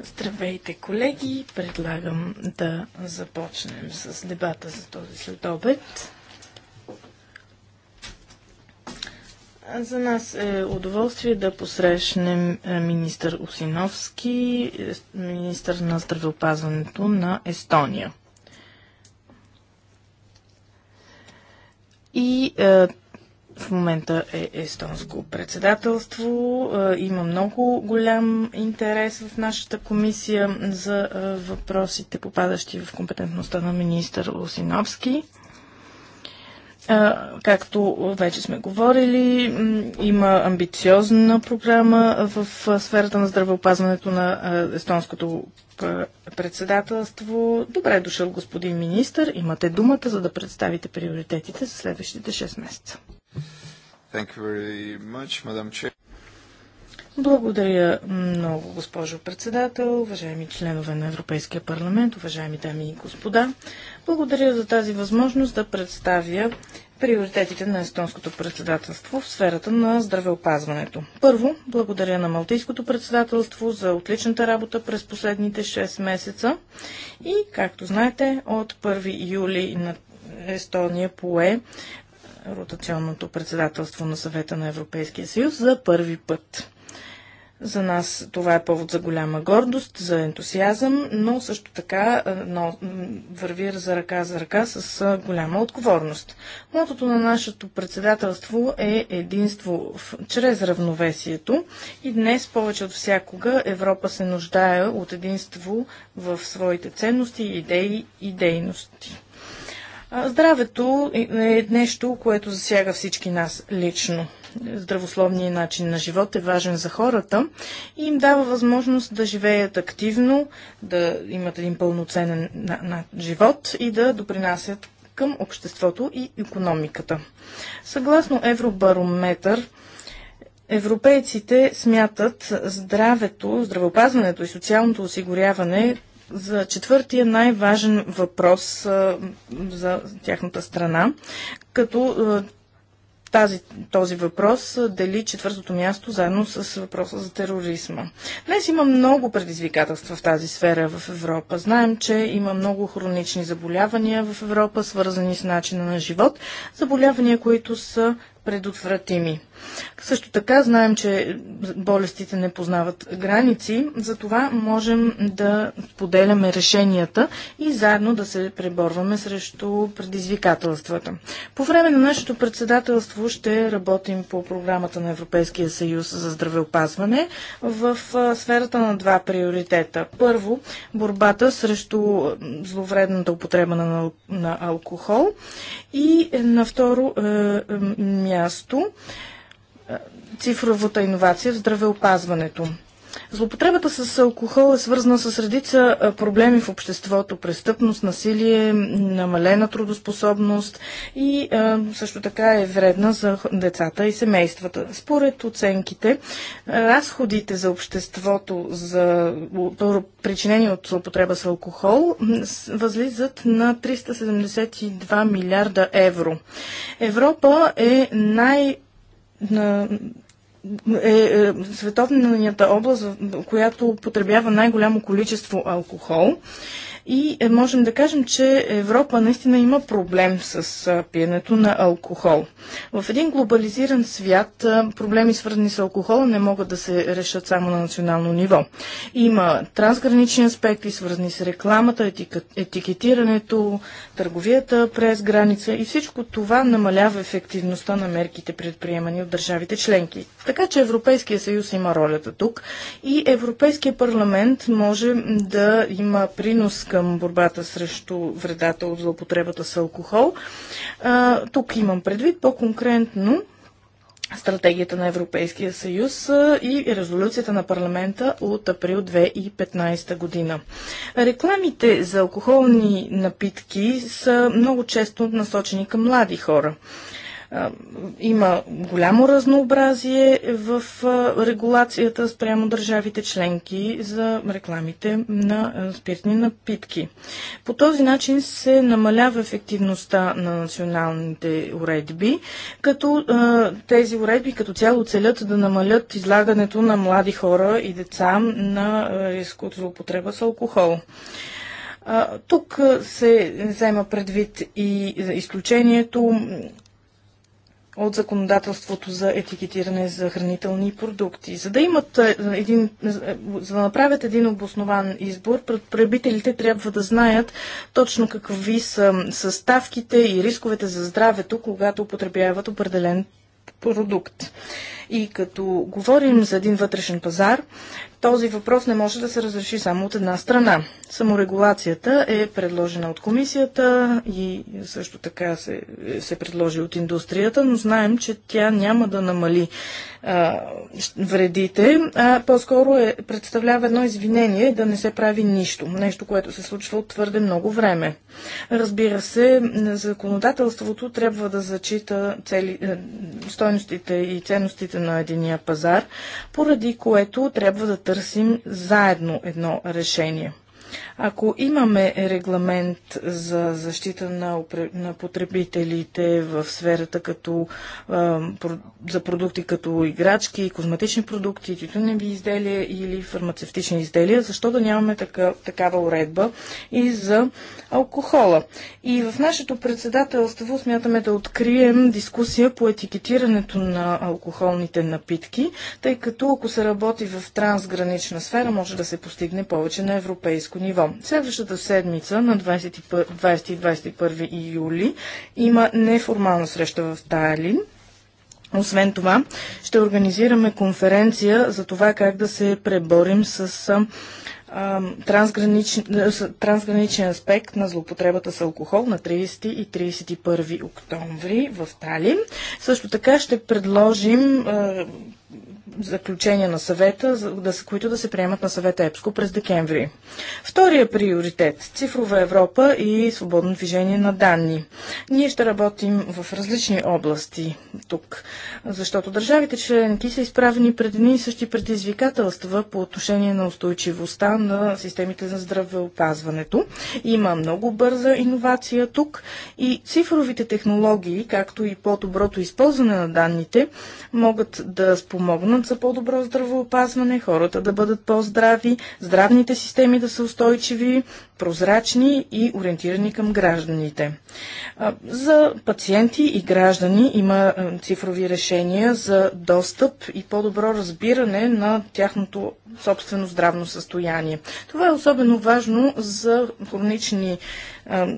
Здравейте, колеги! Предлагам да започнем с дебата за този следобед. За нас е удоволствие да посрещнем е, министър Осиновски, е, министър на здравеопазването на Естония. И е, в момента е естонско председателство. Е, има много голям интерес в нашата комисия за е, въпросите, попадащи в компетентността на министър Лосиновски. Е, както вече сме говорили, има амбициозна програма в сферата на здравеопазването на естонското председателство. Добре е дошъл господин министр. Имате думата, за да представите приоритетите за следващите 6 месеца. Much, Благодаря много, госпожо председател, уважаеми членове на Европейския парламент, уважаеми дами и господа. Благодаря за тази възможност да представя приоритетите на естонското председателство в сферата на здравеопазването. Първо, благодаря на Малтийското председателство за отличната работа през последните 6 месеца и, както знаете, от 1 юли на Естония пое ротационното председателство на съвета на Европейския съюз за първи път. За нас това е повод за голяма гордост, за ентусиазъм, но също така е, но, върви за ръка за ръка с е, голяма отговорност. Мотото на нашето председателство е единство в, чрез равновесието и днес повече от всякога Европа се нуждае от единство в своите ценности, идеи и дейности. Здравето е нещо, което засяга всички нас лично. Здравословният начин на живот е важен за хората и им дава възможност да живеят активно, да имат един пълноценен на, на живот и да допринасят към обществото и економиката. Съгласно Евробарометър, Европейците смятат здравето, здравеопазването и социалното осигуряване за четвъртия най-важен въпрос а, за тяхната страна, като а, тази, този въпрос дели четвъртото място заедно с въпроса за тероризма. Днес има много предизвикателства в тази сфера в Европа. Знаем, че има много хронични заболявания в Европа, свързани с начина на живот, заболявания, които са предотвратими. Също така знаем, че болестите не познават граници, затова можем да поделяме решенията и заедно да се преборваме срещу предизвикателствата. По време на нашето председателство ще работим по програмата на Европейския съюз за здравеопазване в сферата на два приоритета. Първо, борбата срещу зловредната употреба на, алкохол и е, на второ е, е място е, цифровата иновация в здравеопазването. Злопотребата с алкохол е свързана с редица проблеми в обществото. Престъпност, насилие, намалена трудоспособност и също така е вредна за децата и семействата. Според оценките, разходите за обществото за причинени от злопотреба с алкохол възлизат на 372 милиарда евро. Европа е най- на е, е световната област, която потребява най-голямо количество алкохол и е, можем да кажем, че Европа наистина има проблем с пиенето на алкохол. В един глобализиран свят проблеми свързани с алкохола не могат да се решат само на национално ниво. Има трансгранични аспекти, свързани с рекламата, етикетирането, търговията през граница и всичко това намалява ефективността на мерките предприемани от държавите членки. Така че Европейския съюз има ролята тук и Европейския парламент може да има принос към към борбата срещу вредата от злоупотребата с алкохол. А, тук имам предвид по-конкретно стратегията на Европейския съюз и резолюцията на парламента от април 2015 година. Рекламите за алкохолни напитки са много често насочени към млади хора. Има голямо разнообразие в регулацията спрямо държавите членки за рекламите на спиртни напитки. По този начин се намалява ефективността на националните уредби, като тези уредби като цяло целят да намалят излагането на млади хора и деца на риск от злоупотреба с алкохол. Тук се взема предвид и изключението от законодателството за етикетиране за хранителни продукти. За да имат е, един, за да направят един обоснован избор, потребителите трябва да знаят точно какви са съставките и рисковете за здравето, когато употребяват определен продукт. И като говорим за един вътрешен пазар, този въпрос не може да се разреши само от една страна. Саморегулацията е предложена от комисията и също така се, се предложи от индустрията, но знаем, че тя няма да намали а, вредите, а по-скоро е, представлява едно извинение да не се прави нищо. Нещо, което се случва от твърде много време. Разбира се, законодателството трябва да зачита цели, е, стойностите и ценностите на единия пазар, поради което трябва да търсим заедно едно решение. Ако имаме регламент за защита на, на потребителите в сферата като, а, за продукти като играчки, козметични продукти, титуневи изделия или фармацевтични изделия, защо да нямаме така, такава уредба и за алкохола? И в нашето председателство смятаме да открием дискусия по етикетирането на алкохолните напитки, тъй като ако се работи в трансгранична сфера, може да се постигне повече на европейско ниво. Следващата седмица на 20, и 21 юли има неформална среща в Тайлин. Освен това, ще организираме конференция за това как да се преборим с трансграничен, трансграничен аспект на злоупотребата с алкохол на 30 и 31 октомври в Талин. Също така ще предложим заключения на съвета, които да се приемат на съвета ЕПСКО през декември. Втория приоритет – цифрова Европа и свободно движение на данни. Ние ще работим в различни области тук, защото държавите членки са изправени пред едни и същи предизвикателства по отношение на устойчивостта на системите за здравеопазването. Има много бърза иновация тук и цифровите технологии, както и по-доброто използване на данните, могат да спомогнат фонд за по-добро здравеопазване, хората да бъдат по-здрави, здравните системи да са устойчиви, прозрачни и ориентирани към гражданите. За пациенти и граждани има цифрови решения за достъп и по-добро разбиране на тяхното собствено здравно състояние. Това е особено важно за хронични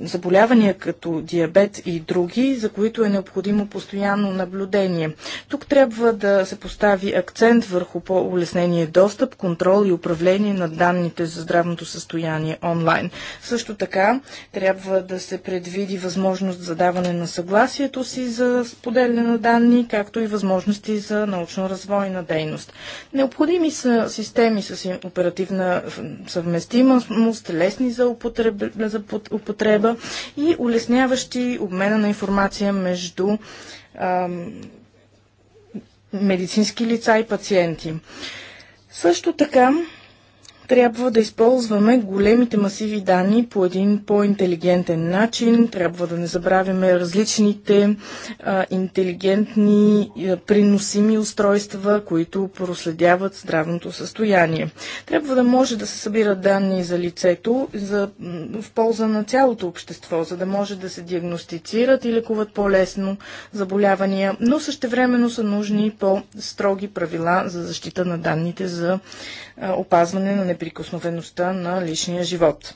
заболявания като диабет и други, за които е необходимо постоянно наблюдение. Тук трябва да се постави акцент върху по-улеснение достъп, контрол и управление на данните за здравното състояние онлайн. Също така трябва да се предвиди възможност за даване на съгласието си за споделяне на данни, както и възможности за научно-развойна дейност. Необходими са системи с оперативна съвместимост, лесни за употребление, употреба и улесняващи обмена на информация между ам, медицински лица и пациенти. Също така трябва да използваме големите масиви данни по един по-интелигентен начин. Трябва да не забравяме различните а, интелигентни а, приносими устройства, които проследяват здравното състояние. Трябва да може да се събират данни за лицето за, в полза на цялото общество, за да може да се диагностицират и лекуват по-лесно заболявания, но същевременно са нужни по-строги правила за защита на данните за опазване на неприкосновеността неприкосновеността на личния живот.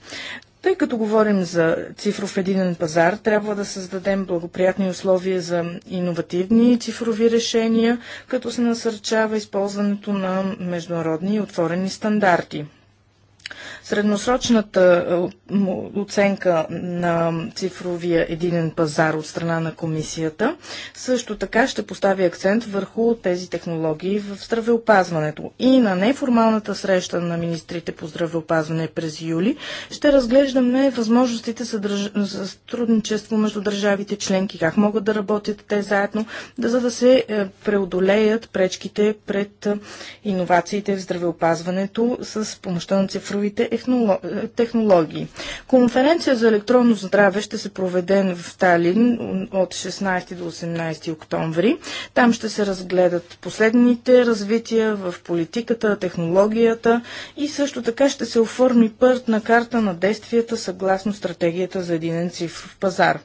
Тъй като говорим за цифров единен пазар, трябва да създадем благоприятни условия за иновативни цифрови решения, като се насърчава използването на международни и отворени стандарти. Средносрочната е, оценка на цифровия единен пазар от страна на комисията също така ще постави акцент върху тези технологии в здравеопазването. И на неформалната среща на министрите по здравеопазване през юли ще разглеждаме възможностите за, държ... за сътрудничество между държавите членки, как могат да работят те заедно, за да се е, преодолеят пречките пред е, иновациите в здравеопазването с помощта на цифровите технологии. Конференция за електронно здраве ще се проведе в Талин от 16 до 18 октомври. Там ще се разгледат последните развития в политиката, технологията и също така ще се оформи пърт на карта на действията съгласно стратегията за единен цифров пазар.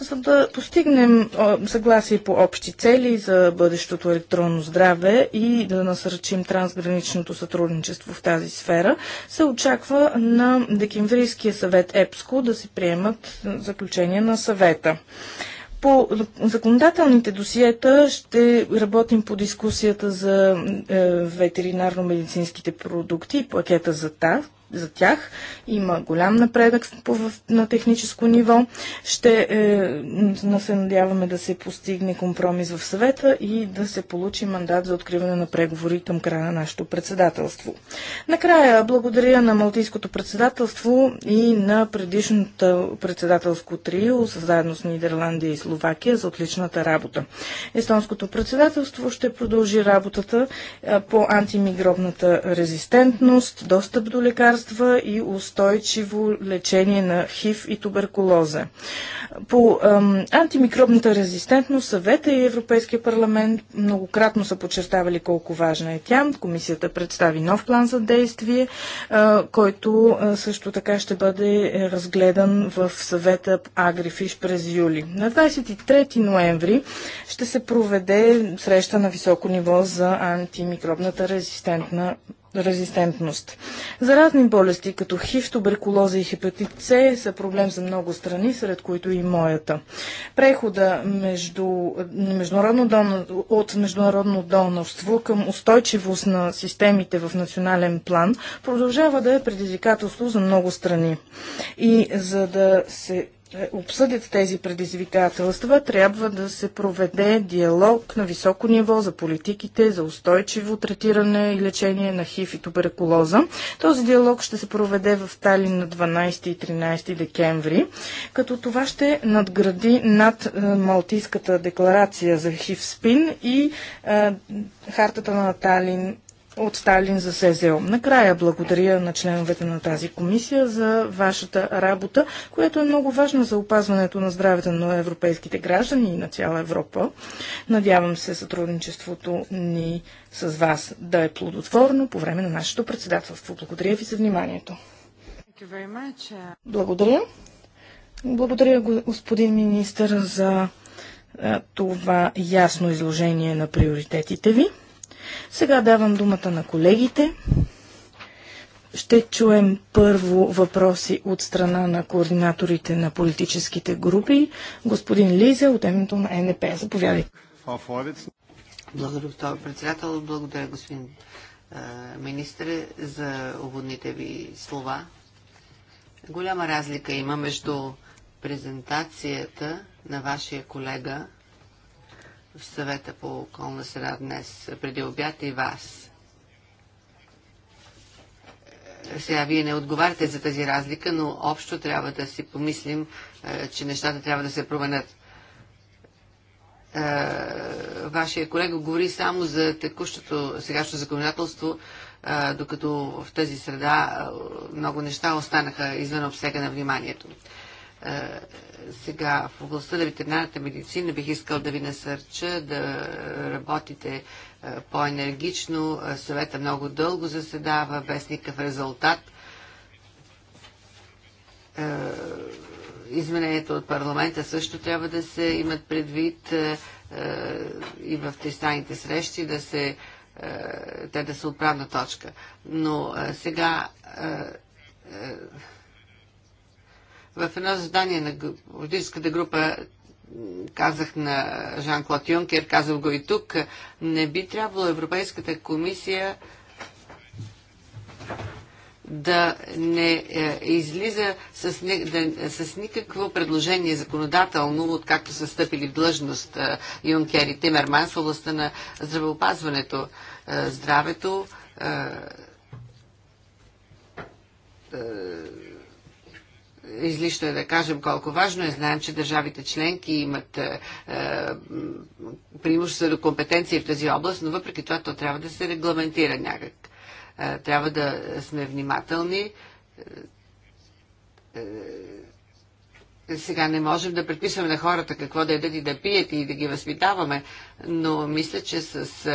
За да постигнем съгласие по общи цели за бъдещото електронно здраве и да насърчим трансграничното сътрудничество в тази сфера, се очаква очаква на декемврийския съвет ЕПСКО да се приемат заключения на съвета. По законодателните досиета ще работим по дискусията за е, ветеринарно-медицинските продукти и пакета за ТАВ за тях. Има голям напредък на техническо ниво. Ще е, се надяваме да се постигне компромис в съвета и да се получи мандат за откриване на преговори към края на нашето председателство. Накрая, благодаря на Малтийското председателство и на предишното председателско трио, заедно с Нидерландия и Словакия, за отличната работа. Естонското председателство ще продължи работата по антимигробната резистентност, достъп до лекарства, лекарства и устойчиво лечение на ХИВ и туберкулоза. По ам, антимикробната резистентност съвета и Европейския парламент многократно са подчертавали колко важна е тя. Комисията представи нов план за действие, а, който а, също така ще бъде разгледан в съвета Агрифиш през юли. На 23 ноември ще се проведе среща на високо ниво за антимикробната резистентна резистентност. Заразни болести като хив, туберкулоза и хепатит С са проблем за много страни, сред които и моята. Прехода между, международно донор, от международно донорство към устойчивост на системите в национален план продължава да е предизвикателство за много страни. И за да се обсъдят тези предизвикателства, трябва да се проведе диалог на високо ниво за политиките, за устойчиво третиране и лечение на хив и туберкулоза. Този диалог ще се проведе в Талин на 12 и 13 декември, като това ще надгради над е, Малтийската декларация за хив спин и е, хартата на Талин от Сталин за СЗО. Накрая благодаря на членовете на тази комисия за вашата работа, която е много важна за опазването на здравето на европейските граждани и на цяла Европа. Надявам се сътрудничеството ни с вас да е плодотворно по време на нашето председателство. Благодаря ви за вниманието. Благодаря. Благодаря, господин министър, за това ясно изложение на приоритетите ви. Сега давам думата на колегите. Ще чуем първо въпроси от страна на координаторите на политическите групи. Господин Лиза от името на НП. Заповядайте. Благодаря, господин председател. Благодаря, господин министре, за уводните ви слова. Голяма разлика има между презентацията на вашия колега в съвета по околна среда днес, преди обяд и вас. Е, сега вие не отговаряте за тази разлика, но общо трябва да си помислим, е, че нещата трябва да се променят. Е, вашия колега говори само за текущото сегашно законодателство, докато в тази среда много неща останаха извън обсега на вниманието. Е, сега в областта на ветеринарната медицина бих искал да ви насърча да работите е, по-енергично. Е, съвета много дълго заседава, без никакъв резултат измененията от парламента също трябва да се имат предвид и в тристранните срещи, да се, те да са отправна точка. Но сега в едно задание на политическата група казах на Жан-Клод Юнкер, казах го и тук, не би трябвало Европейската комисия да не е, излиза с, да, с никакво предложение законодателно, откакто са стъпили в длъжност е, Юнкер и Тимерман в областта на здравеопазването, е, здравето, излишно е да кажем колко важно е. Знаем, че държавите членки имат е, е преимущество до компетенции в тази област, но въпреки това то трябва да се регламентира някак. Е, трябва да сме внимателни. Е, е, сега не можем да предписваме на хората какво да ядат и да пият и да ги възпитаваме, но мисля, че с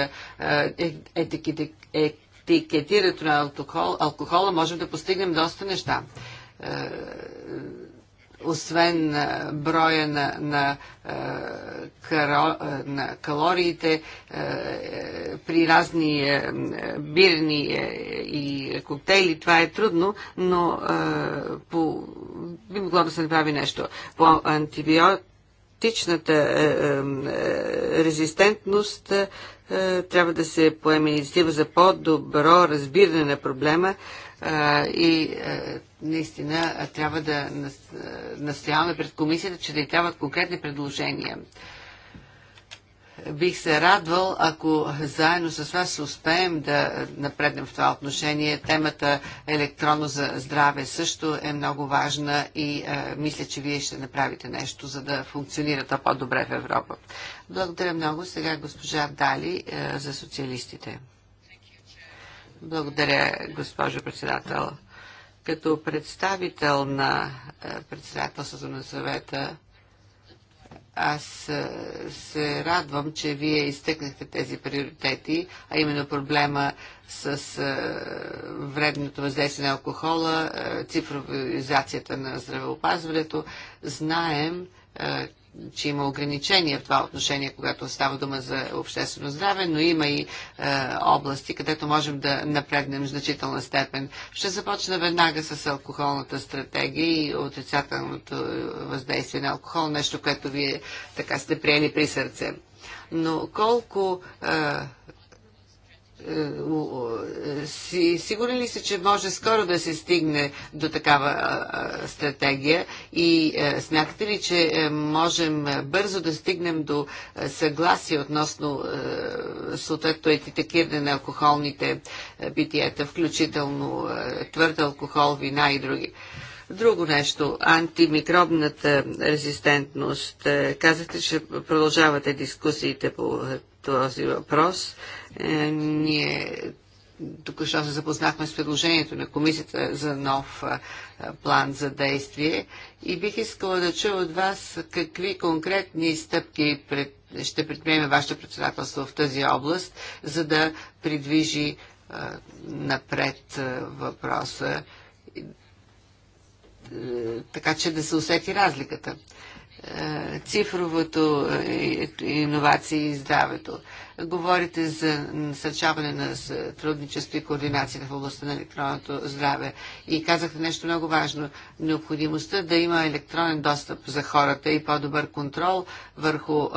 е, е етикетирането на алкохол, алкохола можем да постигнем доста неща. Е, освен е, броя на, на, е, на калориите при разни бирни и коктейли, това е трудно, но по, би могло да се направи нещо. По антибиотичната резистентност трябва да се поеме инициатива за по-добро разбиране на проблема, и наистина трябва да настояваме пред комисията, че да й трябват конкретни предложения. Бих се радвал, ако заедно с вас успеем да напреднем в това отношение. Темата електронно за здраве също е много важна и а, мисля, че вие ще направите нещо, за да функционира то по-добре в Европа. Благодаря много. Сега госпожа Дали а, за социалистите. Благодаря, госпожо председател. Като представител на е, председателството на съвета, аз е, се радвам, че вие изтъкнахте тези приоритети, а именно проблема с е, вредното въздействие на алкохола, цифровизацията на здравеопазването. Знаем че има ограничения в това отношение, когато става дума за обществено здраве, но има и е, области, където можем да напреднем значителна степен. Ще започна веднага с алкохолната стратегия и отрицателното е, въздействие на алкохол, нещо, което вие така сте приели при сърце. Но колко е, е, е, си, сигурен ли си, че може скоро да се стигне до такава стратегия и е, смятате ли, че можем бързо да стигнем до съгласие относно съответно етикетиране на алкохолните битиета, включително твърд алкохол, вина и други? Друго нещо, антимикробната резистентност. Е, казахте, че продължавате дискусиите по този въпрос. Е, ние току-що се запознахме с предложението на комисията за нов е, план за действие и бих искала да чуя от вас какви конкретни стъпки пред, ще предприеме вашето председателство в тази област, за да придвижи напред въпроса е, така че да се усети разликата цифровото е, иновации и здравето. Говорите за насърчаване на сътрудничество и координация в областта на електронното здраве. И казахте нещо много важно. Необходимостта да има електронен достъп за хората и по-добър контрол върху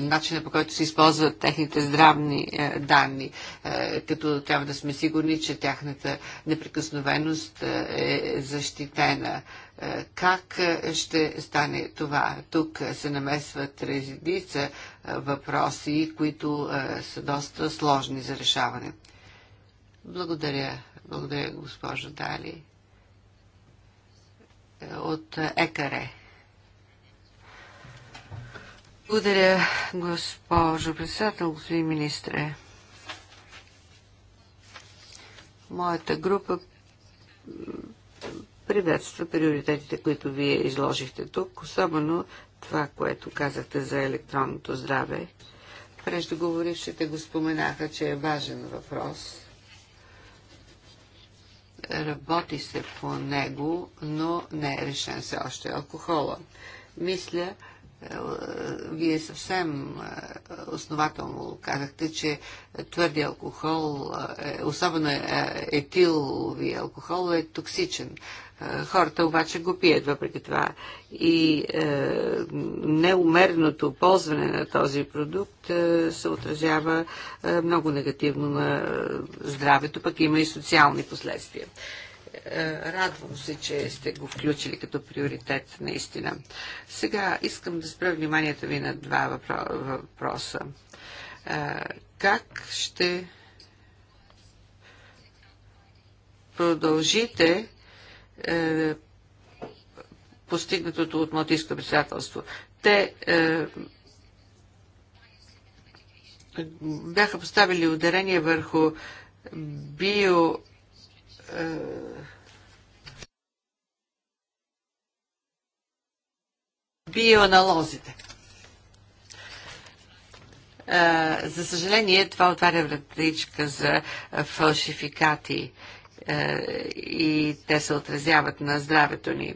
начина по който се използват техните здравни е, данни, е, като трябва да сме сигурни, че тяхната неприкосновеност е защитена е, как е, ще стане това? Тук е, се намесват резидица въпроси, които са доста сложни за решаване. Благодаря. Благодаря, госпожо Дали. От ЕКАРЕ. Благодаря, госпожо председател, господин министре. Моята група приветства приоритетите, които вие изложихте тук, особено това, което казахте за електронното здраве. Преждоговорившите го споменаха, че е важен въпрос. Работи се по него, но не е решен се още алкохола. Мисля, е, вие съвсем е, основателно казахте, че твърди алкохол, е, особено етиловия алкохол е токсичен Хората обаче го пият въпреки това. И е, неумерното ползване на този продукт е, се отразява е, много негативно на е, здравето, пък има и социални последствия. Е, радвам се, че сте го включили като приоритет, наистина. Сега искам да спра вниманието ви на два въпроса. Е, как ще продължите е, постигнатото от Малтийско председателство. Те е, бяха поставили ударение върху био е, биоаналозите. Е, за съжаление, това отваря вратичка за фалшификати. Е, и те се отразяват на здравето ни.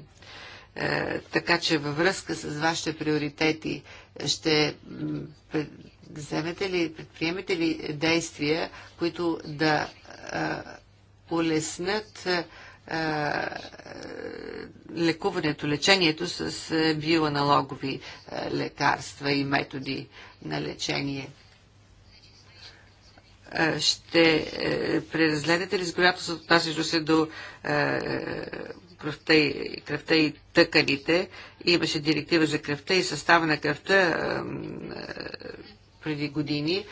Е, така че във връзка с вашите приоритети ще вземете ли, предприемете ли действия, които да е, улеснат лекуването, лечението с биоаналогови лекарства и методи на лечение. Е, ще е, преразгледате ли с отнасящо се до е, кръвта и, кръвта и тъканите? Имаше директива за кръвта и състава на кръвта преди години.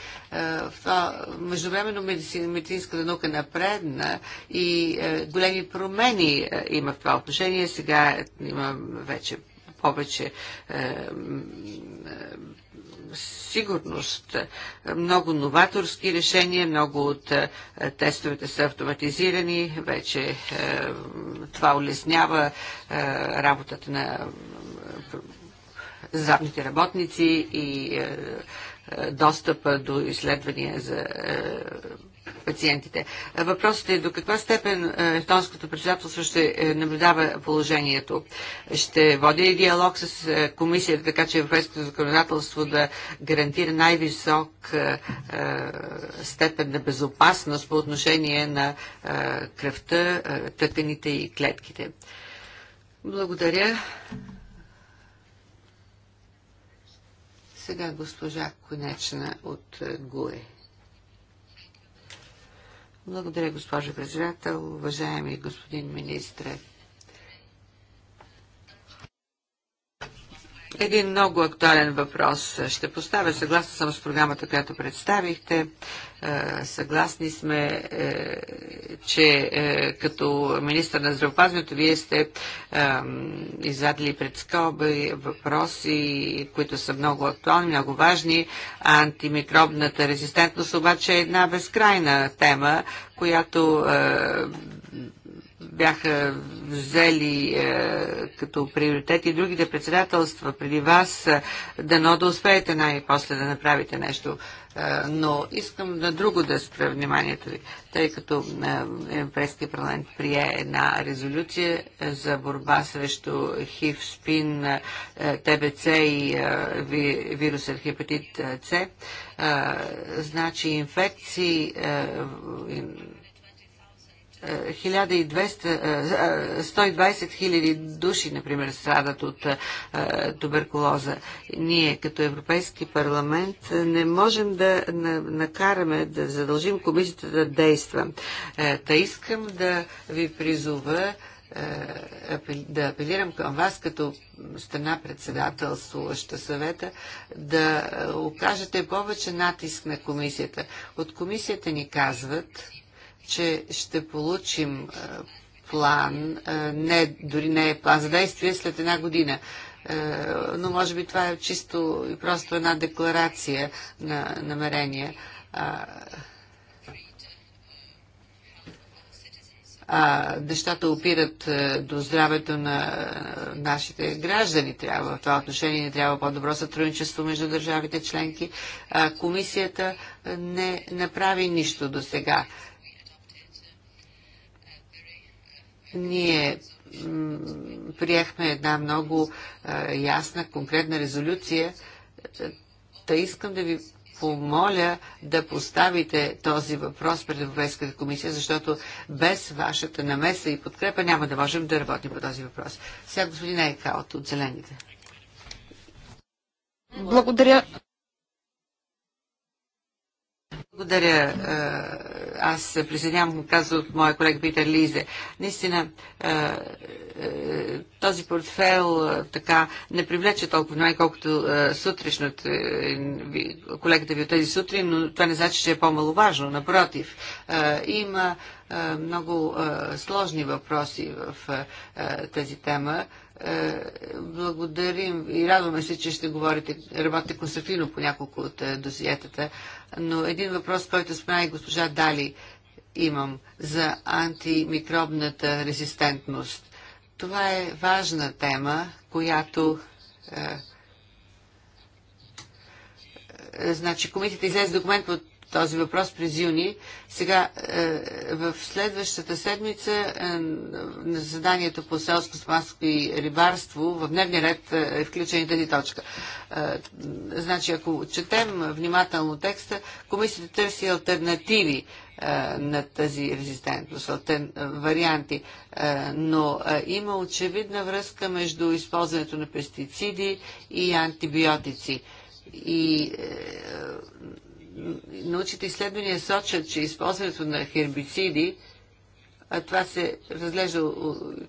междувременно медицинската наука напредна и големи промени има в това отношение. Сега има вече повече е, е, сигурност. Много новаторски решения, много от е, тестовете са автоматизирани, вече това улеснява работата на задните работници и достъпа до изследвания за пациентите. Въпросът е до каква степен е, естонското председателство ще е, наблюдава положението. Ще води ли диалог с е, комисията, така че европейското законодателство да гарантира най-висок степен на безопасност по отношение на кръвта, тъканите и клетките. Благодаря. Сега госпожа Конечна от ГУЕ. Благодаря, госпожо председател, уважаеми господин министре. Един много актуален въпрос ще поставя. Съгласна съм с програмата, която представихте. Е, съгласни сме, е, че е, като министър на здравеопазването вие сте изадли пред скоби въпроси, които са много актуални, много важни. Антимикробната резистентност обаче е една безкрайна тема, която бяха взели е, като приоритет и другите председателства преди вас, е, дано да успеете най-после да направите нещо. Е, но искам на друго да спра вниманието ви, тъй като е, Европейския парламент прие една резолюция е, за борба срещу ХИВ, СПИН, е, ТБЦ и е, ви, хепатит С. Е, значи инфекции. Е, 120 хиляди души, например, страдат от туберкулоза. Ние, като Европейски парламент, не можем да накараме, да задължим комисията да действа. Е, та искам да ви призова е, да апелирам към вас като страна председателствуваща съвета да окажете повече натиск на комисията. От комисията ни казват, че ще получим е, план, е, не, дори не е план за действие след една година. Е, но може би това е чисто и просто една декларация на намерение. а, нещата опират до здравето на нашите граждани. Трябва в това отношение не трябва по-добро сътрудничество между държавите членки. А, комисията не направи нищо до сега. Ние приехме една много ясна, конкретна резолюция. Та искам да ви помоля да поставите този въпрос пред Европейската комисия, защото без вашата намеса и подкрепа няма да можем да работим по този въпрос. Сега господин Ейкалт от Зелените. Благодаря. Благодаря. Е, аз се присъединявам към казва от моя колега Питер Лизе. Наистина, е, е, този портфел така не привлече толкова внимание, колкото сутрешното колегата ви от тези сутрин, но това не значи, че е по-маловажно. Напротив, има много сложни въпроси в тази тема е, благодарим и радваме се, че ще говорите, работите конструктивно по няколко от е, досиетата, но един въпрос, който спомена и госпожа Дали имам за антимикробната резистентност. Това е важна тема, която е, е значи комитета излезе документ под този въпрос през юни. Сега, е, в следващата седмица е, на заданието по селско стопанство и рибарство в дневния ред е, е включена тази точка. Значи, ако четем внимателно текста, комисията търси альтернативи на тази резистентност, варианти. Но има очевидна връзка между използването на пестициди и антибиотици. И научните изследвания сочат, че използването на хербициди, а това се разглежда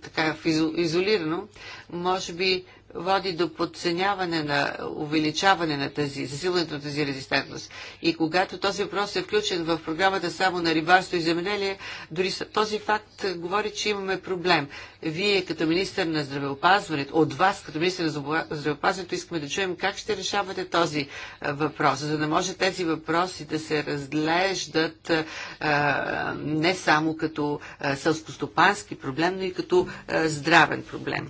така изолирано, може би води до подценяване на увеличаване на тази, засилването на тази резистентност. И когато този въпрос е включен в програмата само на рибарство и земеделие, дори този факт говори, че имаме проблем. Вие като министър на здравеопазването, от вас като министър на здравеопазването искаме да чуем как ще решавате този въпрос, за да може тези въпроси да се разглеждат не само като селскостопански проблем, но и като здравен проблем.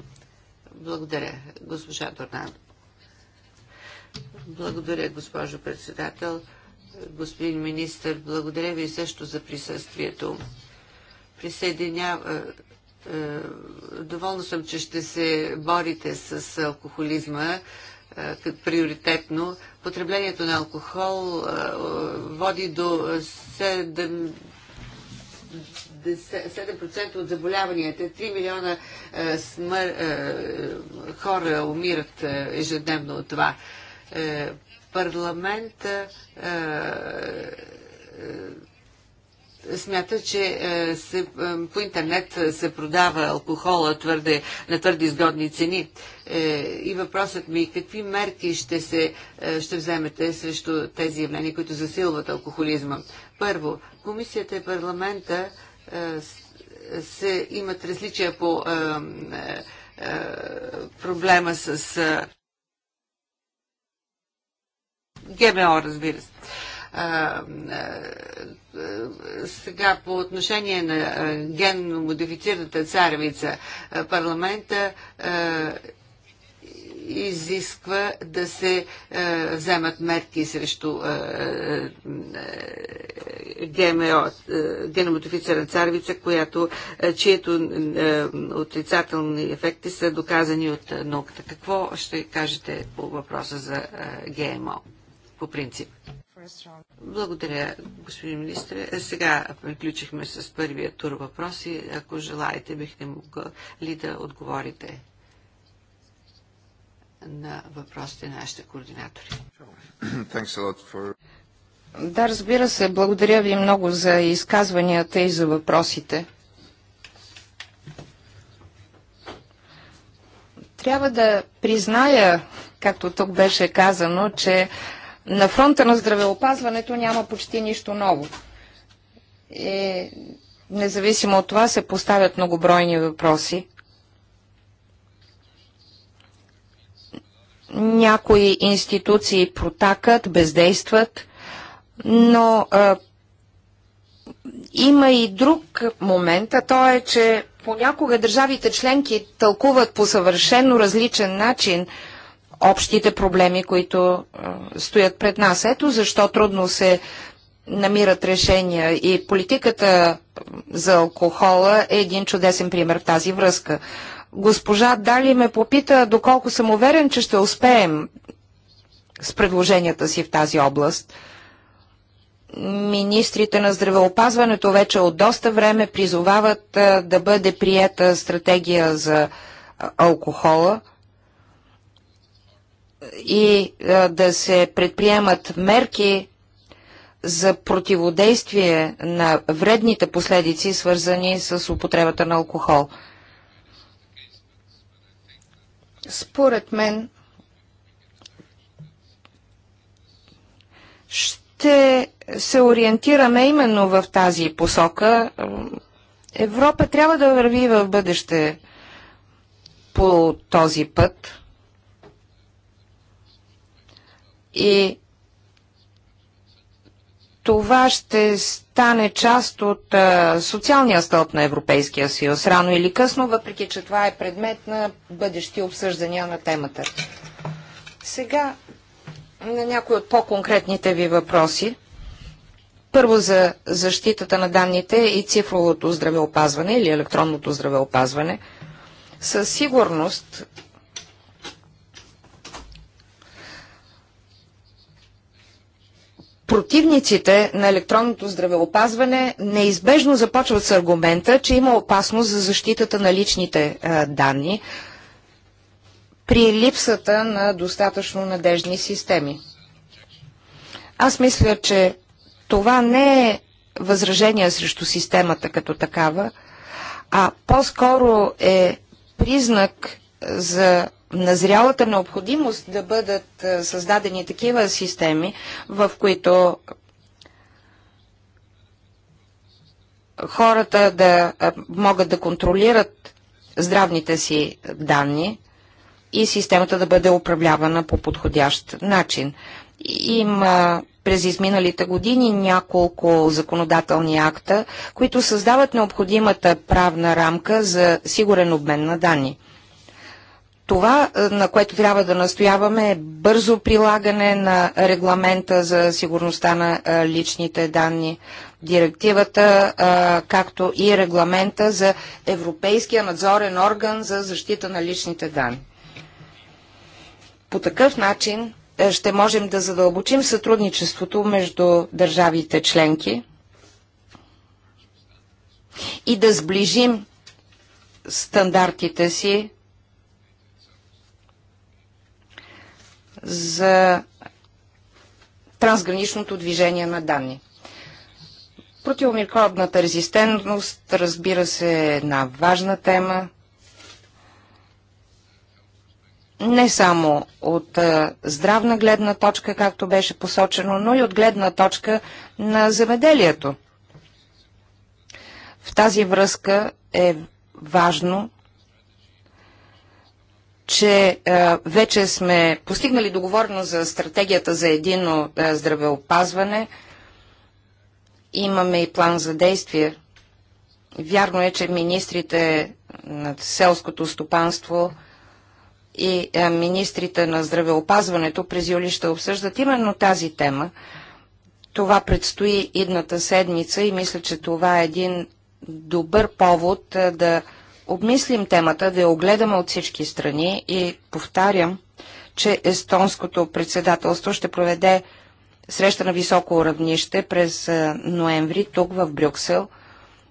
Благодаря, госпожа Дорнан. Благодаря, госпожо председател. Господин министр, благодаря ви също за присъствието. Присъединява. Е, е, доволна съм, че ще се борите с алкохолизма е, приоритетно. Потреблението на алкохол води до 7 7% от заболяванията, 3 милиона е, смър, е, хора умират е, ежедневно от това. Парламент парламента смята, че се, по интернет се продава алкохола твърде, на твърде изгодни цени. И въпросът ми какви мерки ще, се, ще вземете срещу тези явления, които засилват алкохолизма? Първо, комисията и парламента е, се имат различия по е, е, проблема с ГМО, разбира се. а, сега по отношение на генно модифицираната царевица, парламента изисква да се е, вземат мерки срещу е, е, ГМО, е, царвица, която, е, чието е, отрицателни ефекти са доказани от науката. Какво ще кажете по въпроса за е, ГМО по принцип? Благодаря, господин министр. Е, сега приключихме с първия тур въпроси. Ако желаете, бихте могли да отговорите на въпросите на нашите координатори. Да, разбира се. Благодаря ви много за изказванията и за въпросите. Трябва да призная, както тук беше казано, че на фронта на здравеопазването няма почти нищо ново. И независимо от това се поставят многобройни въпроси. Някои институции протакат, бездействат, но а, има и друг момент, а то е, че понякога държавите членки тълкуват по съвършено различен начин общите проблеми, които а, стоят пред нас. Ето защо трудно се намират решения и политиката за алкохола е един чудесен пример в тази връзка. Госпожа Дали ме попита доколко съм уверен, че ще успеем с предложенията си в тази област. Министрите на здравеопазването вече от доста време призовават да бъде приета стратегия за алкохола и да се предприемат мерки за противодействие на вредните последици, свързани с употребата на алкохол според мен ще се ориентираме именно в тази посока. Европа трябва да върви в бъдеще по този път. И това ще стане част от а, социалния стълб на Европейския съюз, рано или късно, въпреки че това е предмет на бъдещи обсъждания на темата. Сега на някои от по-конкретните ви въпроси. Първо за защитата на данните и цифровото здравеопазване или електронното здравеопазване. Със сигурност противниците на електронното здравеопазване неизбежно започват с аргумента, че има опасност за защитата на личните а, е, данни при липсата на достатъчно надежни системи. Аз мисля, че това не е възражение срещу системата като такава, а по-скоро е признак за назрялата необходимост да бъдат е, създадени такива системи, в които хората да е, могат да контролират здравните си данни и системата да бъде управлявана по подходящ начин. Има е, през изминалите години няколко законодателни акта, които създават необходимата правна рамка за сигурен обмен на данни. Това, е, на което трябва да настояваме е бързо прилагане на регламента за сигурността на е, личните данни, директивата, е, както и регламента за Европейския надзорен орган за защита на личните данни. По такъв начин ще можем да задълбочим сътрудничеството между държавите членки и да сближим стандартите си за трансграничното движение на данни. Противомикробната резистентност, разбира се, е една важна тема, не само от здравна гледна точка, както беше посочено, но и от гледна точка на земеделието. В тази връзка е важно че е, вече сме постигнали договорност за стратегията за едино е, здравеопазване. Имаме и план за действие. Вярно е, че министрите на селското стопанство и е, министрите на здравеопазването през юли ще обсъждат именно тази тема. Това предстои идната седмица и мисля, че това е един добър повод да обмислим темата, да я огледаме от всички страни и повтарям, че естонското председателство ще проведе среща на високо равнище през ноември тук в Брюксел,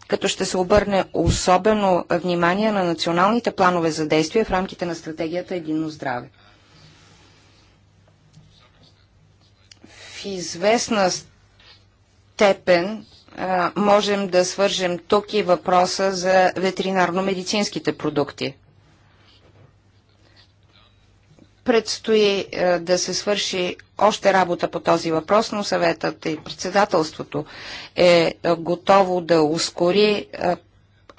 като ще се обърне особено внимание на националните планове за действие в рамките на стратегията Единно здраве. В известна степен можем да свържем тук и въпроса за ветеринарно-медицинските продукти. Предстои да се свърши още работа по този въпрос, но съветът и председателството е готово да ускори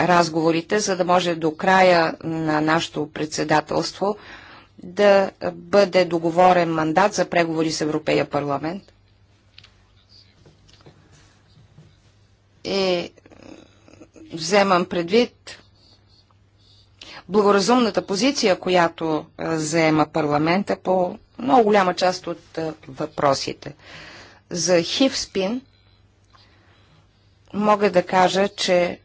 разговорите, за да може до края на нашето председателство да бъде договорен мандат за преговори с Европейския парламент и е, вземам предвид благоразумната позиция, която е, заема парламента по много голяма част от е, въпросите. За хивспин мога да кажа, че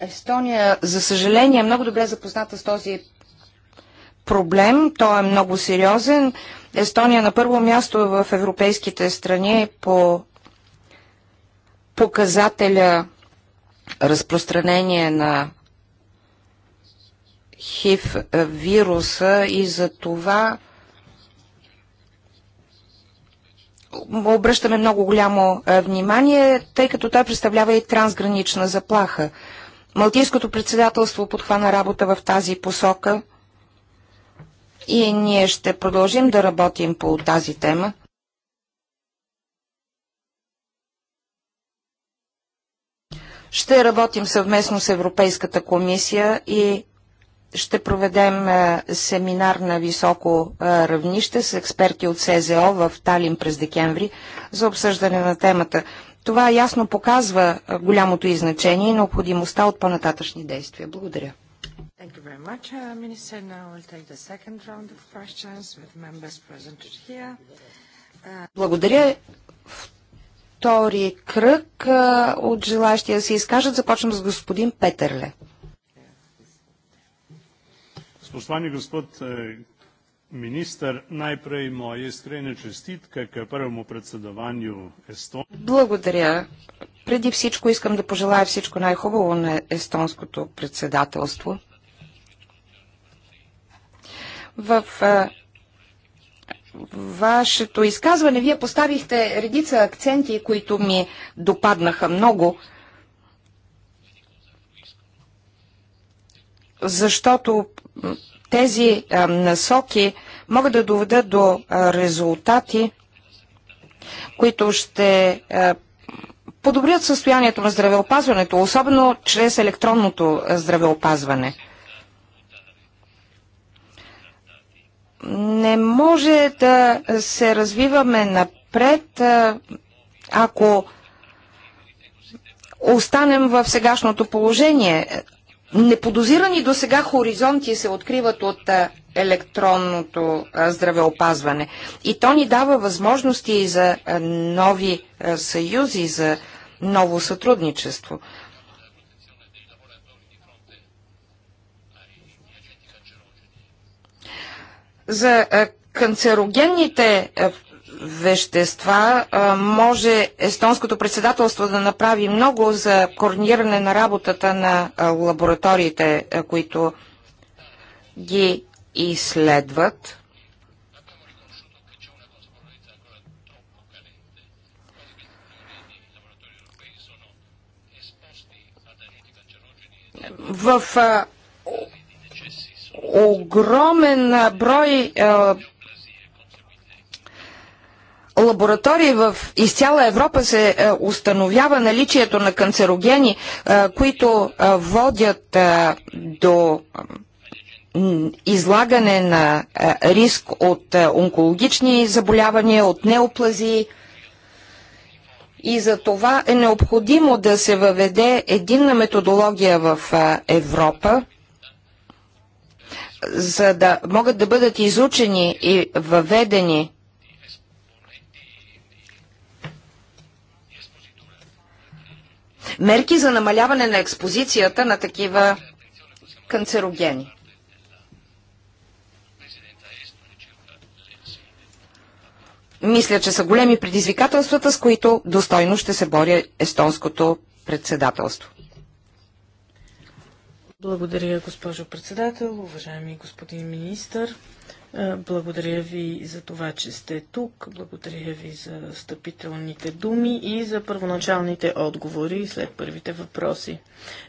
Естония, за съжаление, е много добре запозната с този проблем. Той е много сериозен. Естония на първо място в европейските страни е по показателя разпространение на хив вируса и за това обръщаме много голямо внимание, тъй като той представлява и трансгранична заплаха. Малтийското председателство подхвана работа в тази посока – и ние ще продължим да работим по тази тема. Ще работим съвместно с Европейската комисия и ще проведем е, семинар на високо е, равнище с експерти от СЗО в Талин през декември за обсъждане на темата. Това ясно показва е, голямото и значение и необходимостта от по-нататъчни действия. Благодаря. Thank you very much, uh, Minister. Now we'll take the second round of questions with members present here. Uh... Благодаря. Втори кръг uh, от желащия да се изкажат. Започвам с господин Петърле. Spoštovani gospod minister, najprej moje iskrene čestitke k prvemu predsedovanju Естонии. Благодаря. Преди всичко искам да пожелая всичко най-хубаво на естонското председателство. В вашето изказване вие поставихте редица акценти, които ми допаднаха много, защото тези насоки могат да доведат до резултати, които ще подобрят състоянието на здравеопазването, особено чрез електронното здравеопазване – не може да се развиваме напред, ако останем в сегашното положение. Неподозирани до сега хоризонти се откриват от електронното здравеопазване. И то ни дава възможности и за нови съюзи, за ново сътрудничество. За канцерогенните вещества може естонското председателство да направи много за координиране на работата на лабораториите, които ги изследват. В огромен брой лаборатории в изцяла Европа се установява наличието на канцерогени, които водят до излагане на риск от онкологични заболявания, от неоплазии. И за това е необходимо да се въведе единна методология в Европа, за да могат да бъдат изучени и въведени мерки за намаляване на експозицията на такива канцерогени. Мисля, че са големи предизвикателствата, с които достойно ще се боря естонското председателство. Благодаря, госпожо председател, уважаеми господин министър. Благодаря ви за това, че сте тук. Благодаря ви за стъпителните думи и за първоначалните отговори след първите въпроси.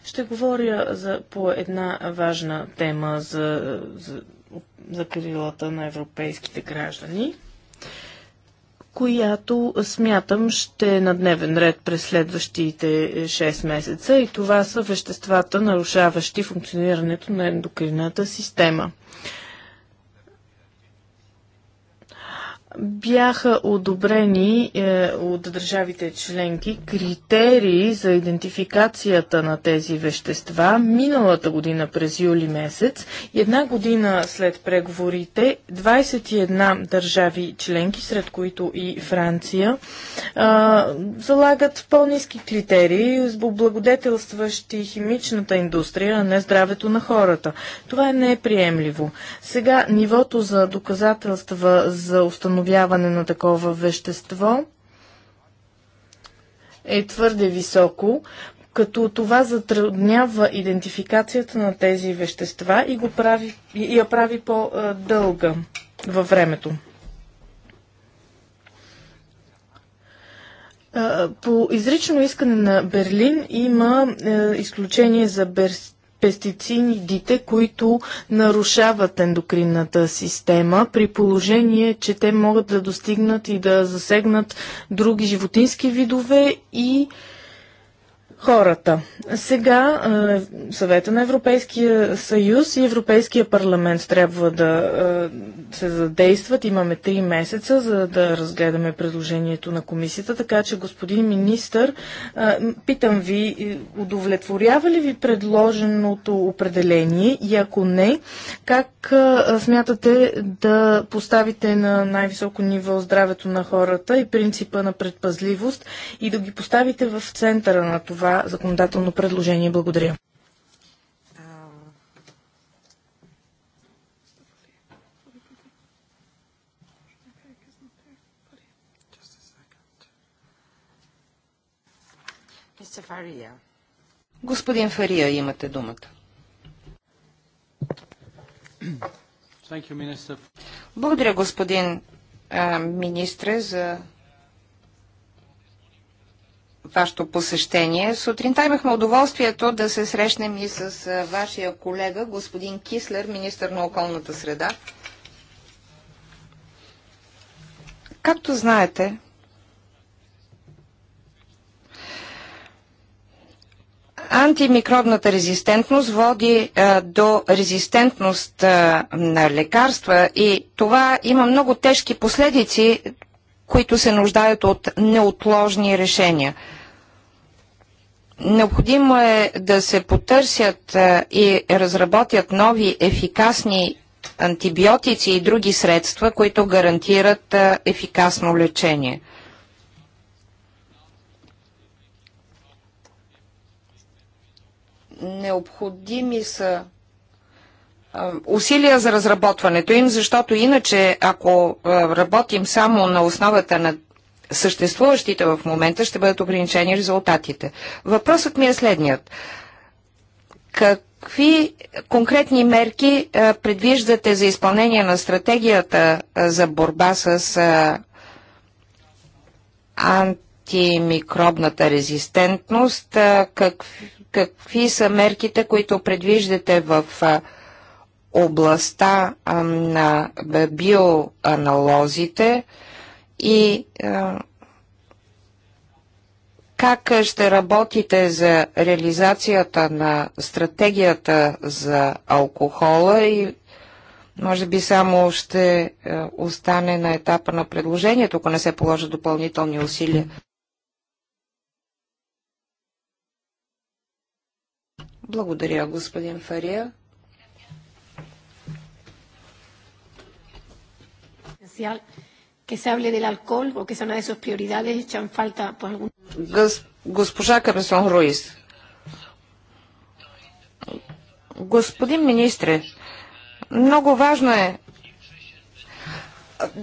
Ще говоря за, по една важна тема за, за, за крилата на европейските граждани която смятам ще е на дневен ред през следващите 6 е, месеца и това са веществата, нарушаващи функционирането на ендокринната система. бяха одобрени е, от държавите членки критерии за идентификацията на тези вещества миналата година през юли месец. Една година след преговорите 21 държави членки, сред които и Франция, е, залагат по-низки критерии, облагодетелстващи химичната индустрия, а не здравето на хората. Това не е неприемливо. Сега нивото за доказателства за установяване установяване на такова вещество е твърде високо, като това затруднява идентификацията на тези вещества и, го прави, и я прави по-дълга във времето. По изрично искане на Берлин има е, изключение за пестицидите, които нарушават ендокринната система, при положение, че те могат да достигнат и да засегнат други животински видове и хората. Сега е, съвета на Европейския съюз и Европейския парламент трябва да е, се задействат. Имаме три месеца, за да разгледаме предложението на комисията, така че господин министър, е, питам ви, удовлетворява ли ви предложеното определение и ако не, как смятате да поставите на най-високо ниво здравето на хората и принципа на предпазливост и да ги поставите в центъра на това това законодателно предложение. Благодаря. Господин Фария, имате думата. Благодаря, господин министре, за вашето посещение. Сутринта имахме удоволствието да се срещнем и с вашия колега, господин Кислер, министър на околната среда. Както знаете, антимикробната резистентност води а, до резистентност а, на лекарства и това има много тежки последици, които се нуждаят от неотложни решения. Необходимо е да се потърсят и разработят нови ефикасни антибиотици и други средства, които гарантират ефикасно лечение. Необходими са усилия за разработването им, защото иначе ако работим само на основата на съществуващите в момента ще бъдат ограничени резултатите. Въпросът ми е следният. Какви конкретни мерки предвиждате за изпълнение на стратегията за борба с антимикробната резистентност? какви са мерките, които предвиждате в областта на биоаналозите? и е, как ще работите за реализацията на стратегията за алкохола и може би само ще е, остане на етапа на предложението, ако не се положат допълнителни усилия. Благодаря, господин Фария que se hable del alcohol o que sea una de sus prioridades, echan falta pues, algún... Госпожа Кабесон Руис. Господин министре, много важно е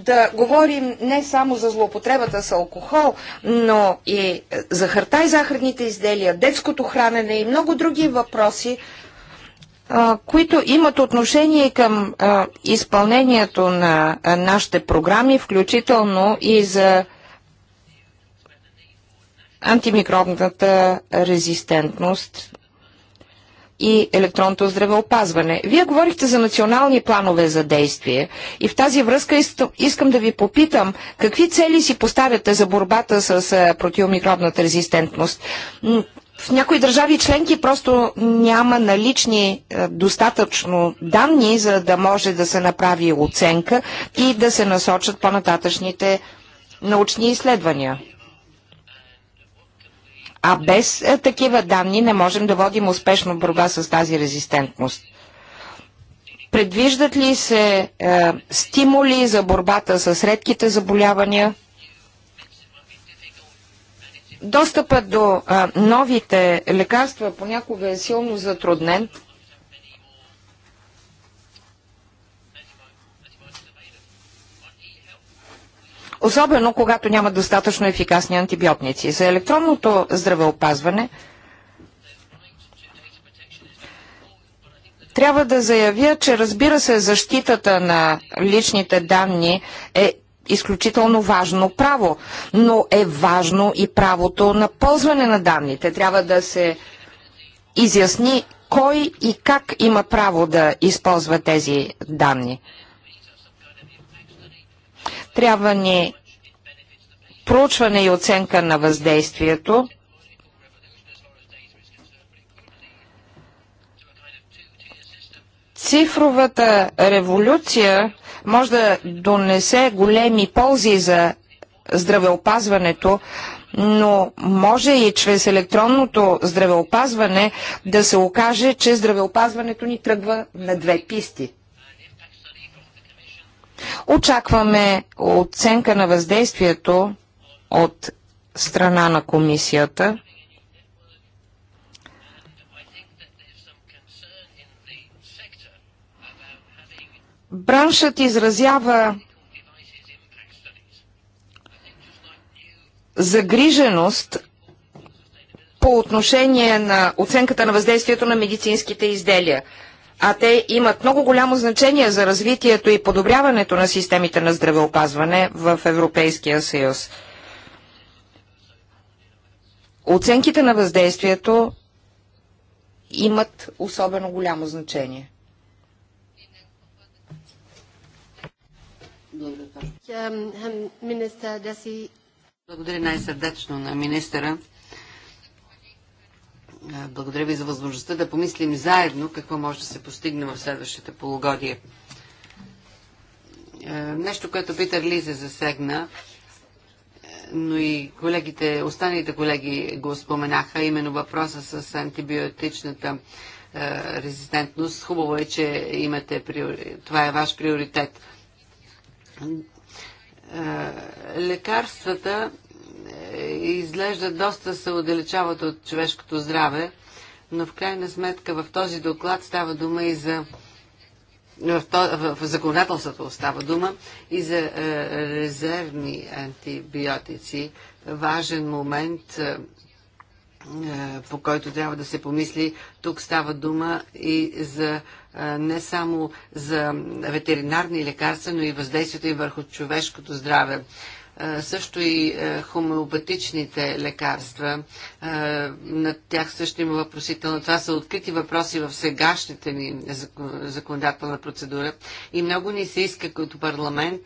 да говорим не само за злоупотребата с алкохол, но и за харта и захарните изделия, детското хранене и много други въпроси, които имат отношение към изпълнението на нашите програми, включително и за антимикробната резистентност и електронното здравеопазване. Вие говорихте за национални планове за действие и в тази връзка искам да ви попитам какви цели си поставяте за борбата с противомикробната резистентност. В някои държави членки просто няма налични е, достатъчно данни, за да може да се направи оценка и да се насочат по-нататъчните научни изследвания. А без е, такива данни не можем да водим успешно борба с тази резистентност. Предвиждат ли се е, стимули за борбата с редките заболявания – Достъпът до а, новите лекарства понякога е силно затруднен. Особено когато няма достатъчно ефикасни антибиотници. За електронното здравеопазване трябва да заявя, че разбира се защитата на личните данни е изключително важно право, но е важно и правото на ползване на данните. Трябва да се изясни кой и как има право да използва тези данни. Трябва ни проучване и оценка на въздействието. Цифровата революция може да донесе големи ползи за здравеопазването, но може и чрез електронното здравеопазване да се окаже, че здравеопазването ни тръгва на две писти. Очакваме оценка на въздействието от страна на комисията. Браншът изразява загриженост по отношение на оценката на въздействието на медицинските изделия, а те имат много голямо значение за развитието и подобряването на системите на здравеопазване в Европейския съюз. Оценките на въздействието имат особено голямо значение. Благодаря най-сърдечно на министъра. Благодаря ви за възможността да помислим заедно какво може да се постигне в следващата полугодие. Нещо, което Питър Лизе засегна, но и колегите, останалите колеги го споменаха, именно въпроса с антибиотичната резистентност. Хубаво е, че имате, това е ваш приоритет е, лекарствата е, изглежда доста се отдалечават от човешкото здраве, но в крайна сметка в този доклад става дума и за в, в законодателството става дума и за е, резервни антибиотици. Важен момент, е, е по който трябва да се помисли. Тук става дума и за не само за ветеринарни лекарства, но и въздействието им върху човешкото здраве също и хомеопатичните лекарства. На тях също има въпросително. Това са открити въпроси в сегашните ни законодателна процедура и много ни се иска като парламент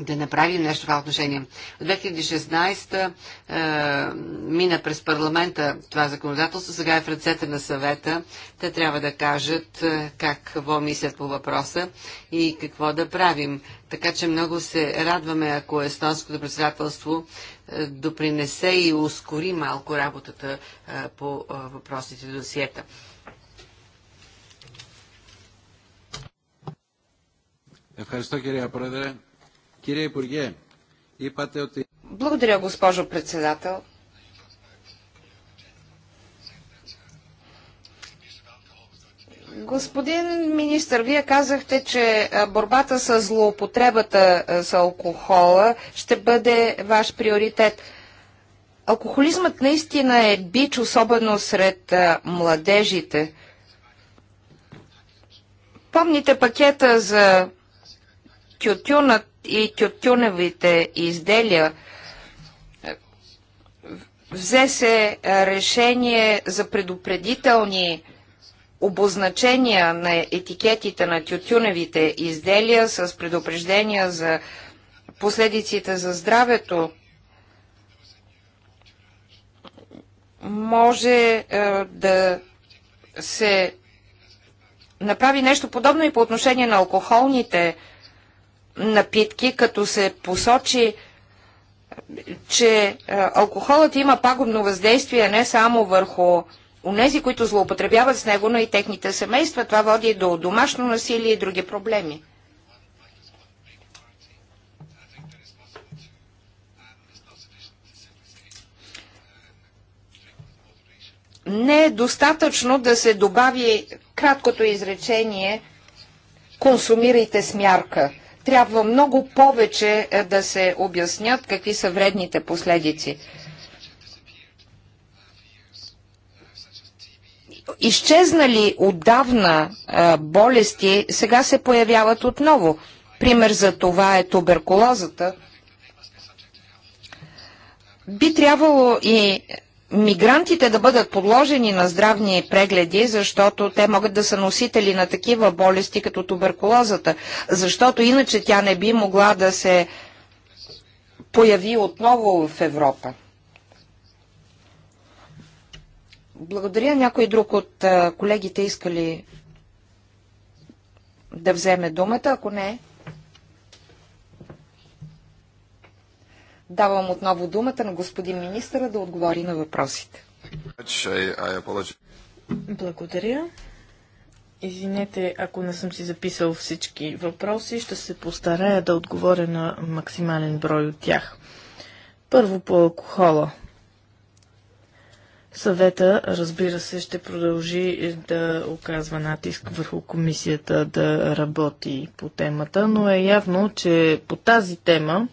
да направим нещо в това отношение. В 2016 е, мина през парламента това законодателство, сега е в ръцете на съвета. Те трябва да кажат е, какво мислят по въпроса и какво да правим. Така че много се радваме, ако естонското председателство е, допринесе и ускори малко работата е, по е, въпросите досиета. Ευχαριστώ κυρία Πρόεδρε. Благодаря, госпожо председател. Господин министр, вие казахте, че борбата с злоупотребата с алкохола ще бъде ваш приоритет. Алкохолизмът наистина е бич, особено сред младежите. Помните пакета за тютюнът, и тютюневите изделия. Взе се решение за предупредителни обозначения на етикетите на тютюневите изделия с предупреждения за последиците за здравето. Може е, да се направи нещо подобно и по отношение на алкохолните напитки, като се посочи, че е, алкохолът има пагубно въздействие не само върху унези, които злоупотребяват с него, но и техните семейства. Това води до домашно насилие и други проблеми. не е достатъчно да се добави краткото изречение «Консумирайте смярка. мярка» трябва много повече е, да се обяснят какви са вредните последици. Изчезнали отдавна е, болести, сега се появяват отново. Пример за това е туберкулозата. Би трябвало и е, мигрантите да бъдат подложени на здравни прегледи, защото те могат да са носители на такива болести като туберкулозата, защото иначе тя не би могла да се появи отново в Европа. Благодаря някой друг от колегите искали да вземе думата, ако не. Давам отново думата на господин министъра да отговори на въпросите. Благодаря. Извинете, ако не съм си записал всички въпроси, ще се постарая да отговоря на максимален брой от тях. Първо по алкохола. Съвета, разбира се, ще продължи да оказва натиск върху комисията да работи по темата, но е явно, че по тази тема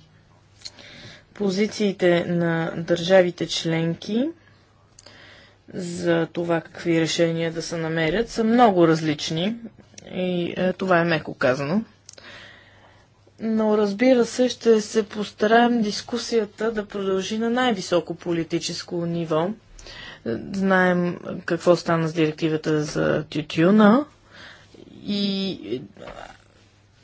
позициите на държавите членки за това какви решения да се намерят са много различни и е, това е меко казано. Но разбира се, ще се постараем дискусията да продължи на най-високо политическо ниво. Знаем какво стана с директивата за тютюна и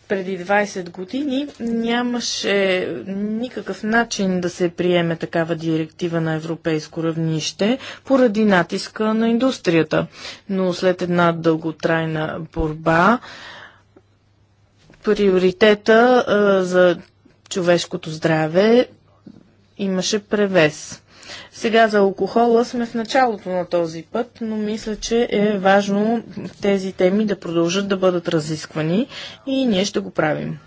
преди 20 години нямаше никакъв начин да се приеме такава директива на европейско равнище поради натиска на индустрията. Но след една дълготрайна борба, приоритета а, за човешкото здраве имаше превес. Сега за алкохола сме в началото на този път, но мисля, че е важно тези теми да продължат да бъдат разисквани и ние ще го правим.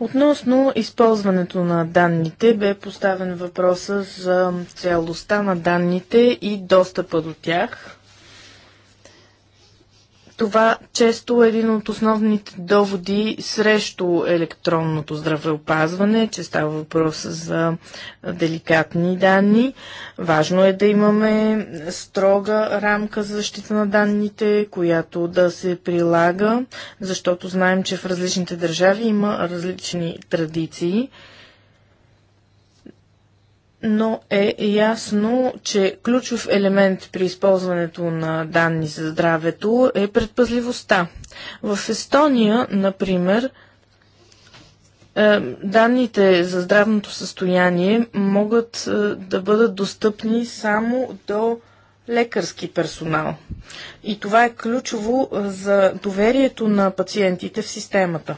Относно използването на данните бе поставен въпроса за цялостта на данните и достъпа до тях. Това често е един от основните доводи срещу електронното здравеопазване, че става въпрос за деликатни данни. Важно е да имаме строга рамка за защита на данните, която да се прилага, защото знаем, че в различните държави има различни традиции но е ясно, че ключов елемент при използването на данни за здравето е предпазливостта. В Естония, например, е, данните за здравното състояние могат е, да бъдат достъпни само до лекарски персонал. И това е ключово е, за доверието на пациентите в системата.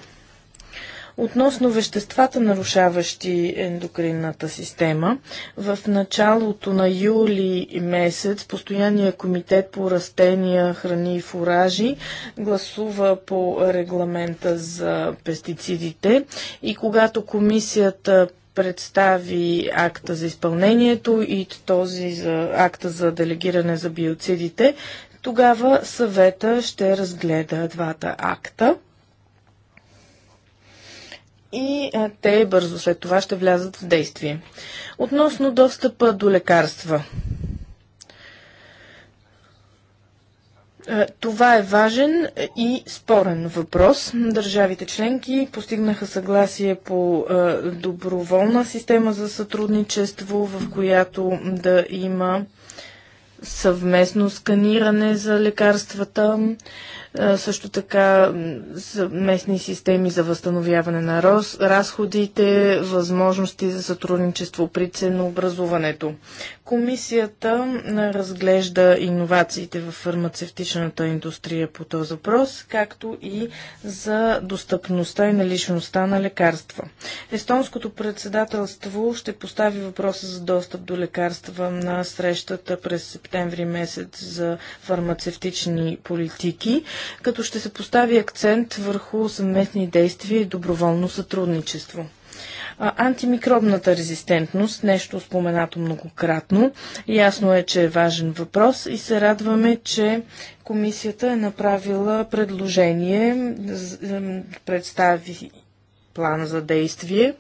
Относно веществата, нарушаващи ендокринната система, в началото на юли месец Постоянния комитет по растения, храни и фуражи гласува по регламента за пестицидите и когато комисията представи акта за изпълнението и този за акта за делегиране за биоцидите, тогава съвета ще разгледа двата акта и те бързо след това ще влязат в действие. Относно достъпа до лекарства. Това е важен и спорен въпрос. Държавите членки постигнаха съгласие по доброволна система за сътрудничество, в която да има съвместно сканиране за лекарствата, също така местни системи за възстановяване на разходите, възможности за сътрудничество при ценообразуването. Комисията разглежда иновациите в фармацевтичната индустрия по този въпрос, както и за достъпността и наличността на лекарства. Естонското председателство ще постави въпроса за достъп до лекарства на срещата през септември месец за фармацевтични политики като ще се постави акцент върху съвместни действия и доброволно сътрудничество. Антимикробната резистентност, нещо споменато многократно, ясно е, че е важен въпрос и се радваме, че комисията е направила предложение, представи план за действие,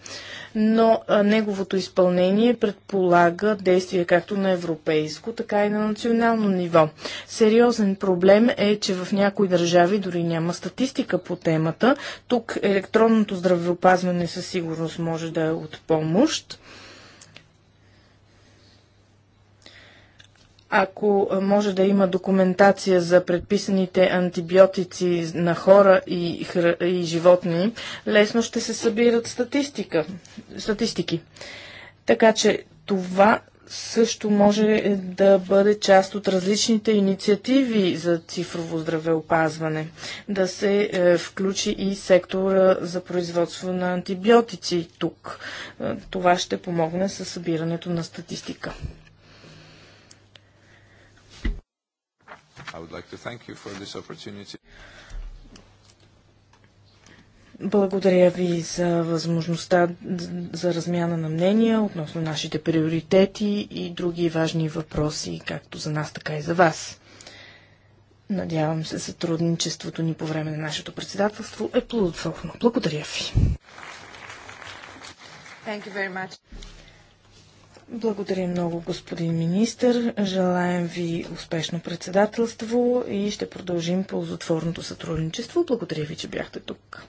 но неговото изпълнение предполага действие както на европейско, така и на национално ниво. Сериозен проблем е, че в някои държави дори няма статистика по темата. Тук електронното здравеопазване със сигурност може да е от помощ. ако може да има документация за предписаните антибиотици на хора и, хра... и животни, лесно ще се събират статистика, статистики. Така че това също може е, да бъде част от различните инициативи за цифрово здравеопазване. Да се е, включи и сектора за производство на антибиотици тук. Е, това ще помогне със събирането на статистика. I would like to thank you for this opportunity. Благодаря ви за възможността за размяна на мнения относно нашите приоритети и други важни въпроси, както за нас, така и за вас. Надявам се сътрудничеството ни по време на нашето председателство е плодотворно. Благодаря ви. Благодаря много, господин министр. Желаем ви успешно председателство и ще продължим ползотворното сътрудничество. Благодаря ви, че бяхте тук.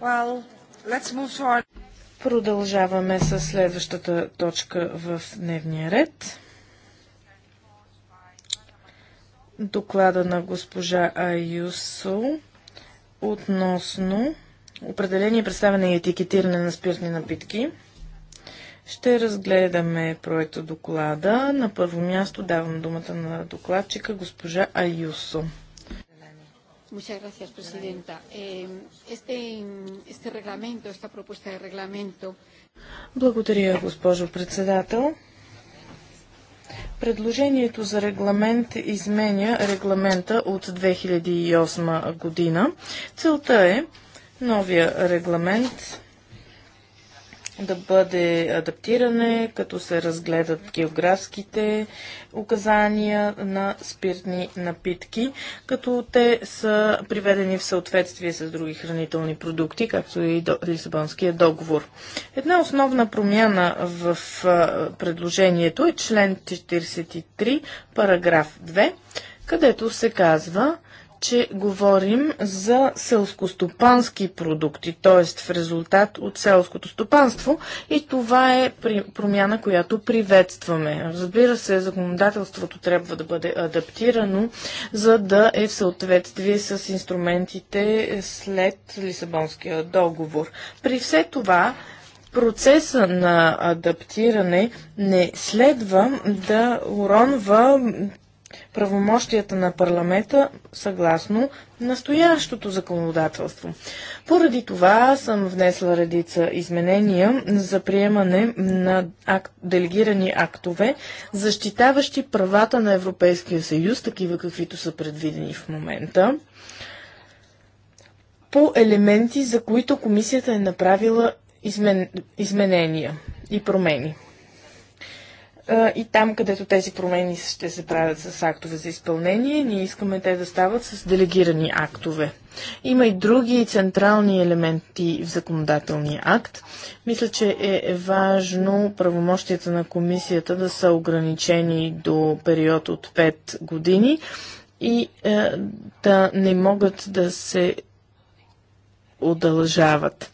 Well, Продължаваме с следващата точка в дневния ред. Доклада на госпожа Аюсо относно определение, представяне и етикетиране на спиртни напитки. Ще разгледаме проекта доклада. На първо място давам думата на докладчика госпожа Аюсо. Muchas gracias, Presidenta. Eh, Este, este reglamento, esta propuesta de reglamento... Благодаря, госпожо председател. Предложението за регламент изменя регламента от 2008 година. Целта е новия регламент да бъде адаптиране, като се разгледат географските указания на спиртни напитки, като те са приведени в съответствие с други хранителни продукти, както и до Лисабонския договор. Една основна промяна в предложението е член 43, параграф 2, където се казва, че говорим за селскостопански продукти, т.е. в резултат от селското стопанство и това е промяна, която приветстваме. Разбира се, законодателството трябва да бъде адаптирано, за да е в съответствие с инструментите след Лисабонския договор. При все това, процеса на адаптиране не следва да уронва правомощията на парламента съгласно настоящото законодателство. Поради това съм внесла редица изменения за приемане на ак... делегирани актове, защитаващи правата на Европейския съюз, такива каквито са предвидени в момента по елементи, за които комисията е направила измен... изменения и промени и там, където тези промени ще се правят с актове за изпълнение, ние искаме те да стават с делегирани актове. Има и други централни елементи в законодателния акт. Мисля, че е важно правомощията на комисията да са ограничени до период от 5 години и е, да не могат да се удължават.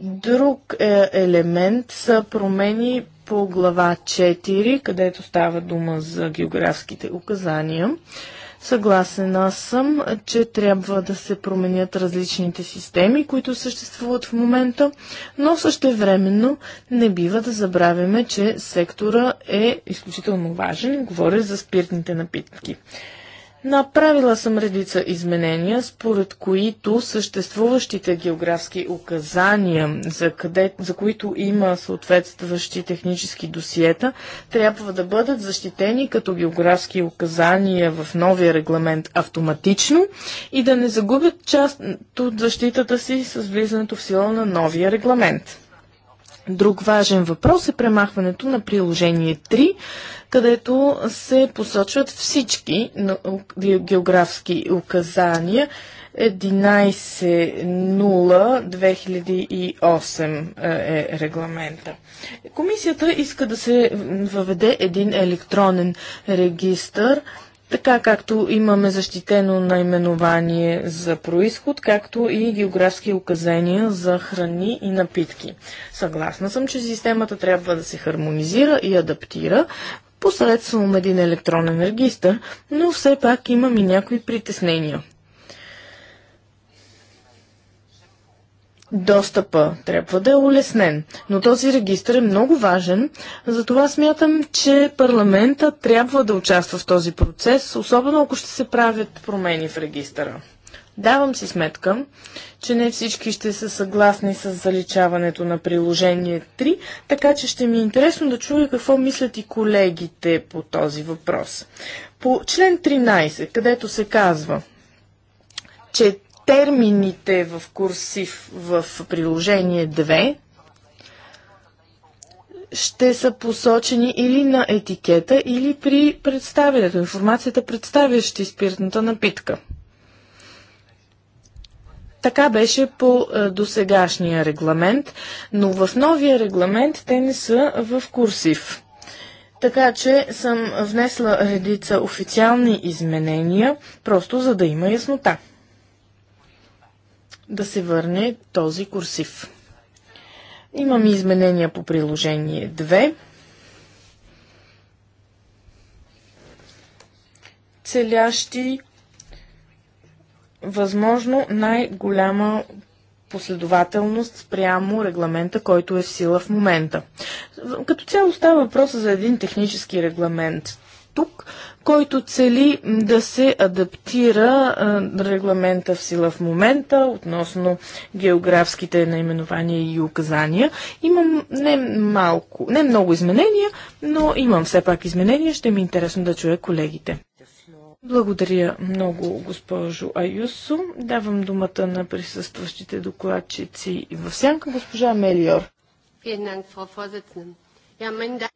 Друг е, елемент са промени по глава 4, където става дума за географските указания. Съгласена съм, че трябва да се променят различните системи, които съществуват в момента, но същевременно не бива да забравяме, че сектора е изключително важен. Говоря за спиртните напитки. Направила съм редица изменения, според които съществуващите географски указания, за, къде, за които има съответстващи технически досиета, трябва да бъдат защитени като географски указания в новия регламент автоматично и да не загубят част от защитата си с влизането в сила на новия регламент. Друг важен въпрос е премахването на приложение 3, където се посочват всички географски указания 11.0.2008 е, е регламента. Комисията иска да се въведе един електронен регистр така както имаме защитено наименование за происход, както и географски указания за храни и напитки. Съгласна съм, че системата трябва да се хармонизира и адаптира посредством един електронен регистр, но все пак имам и някои притеснения. достъпа трябва да е улеснен. Но този регистр е много важен, затова смятам, че парламента трябва да участва в този процес, особено ако ще се правят промени в регистъра. Давам си сметка, че не всички ще са съгласни с заличаването на приложение 3, така че ще ми е интересно да чуя какво мислят и колегите по този въпрос. По член 13, където се казва, че термините в курсив в приложение 2 ще са посочени или на етикета, или при представянето, информацията представящи спиртната напитка. Така беше по е, досегашния регламент, но в новия регламент те не са в курсив. Така че съм внесла редица официални изменения, просто за да има яснота да се върне този курсив. Имаме изменения по приложение 2. Целящи възможно най-голяма последователност спрямо регламента, който е в сила в момента. Като цяло става въпроса за един технически регламент. Тук който цели да се адаптира регламента в сила в момента относно географските наименования и указания. Имам не малко, не много изменения, но имам все пак изменения. Ще ми е интересно да чуя колегите. Благодаря много, госпожо Аюсо. Давам думата на присъстващите докладчици в сянка, госпожа Мелиор.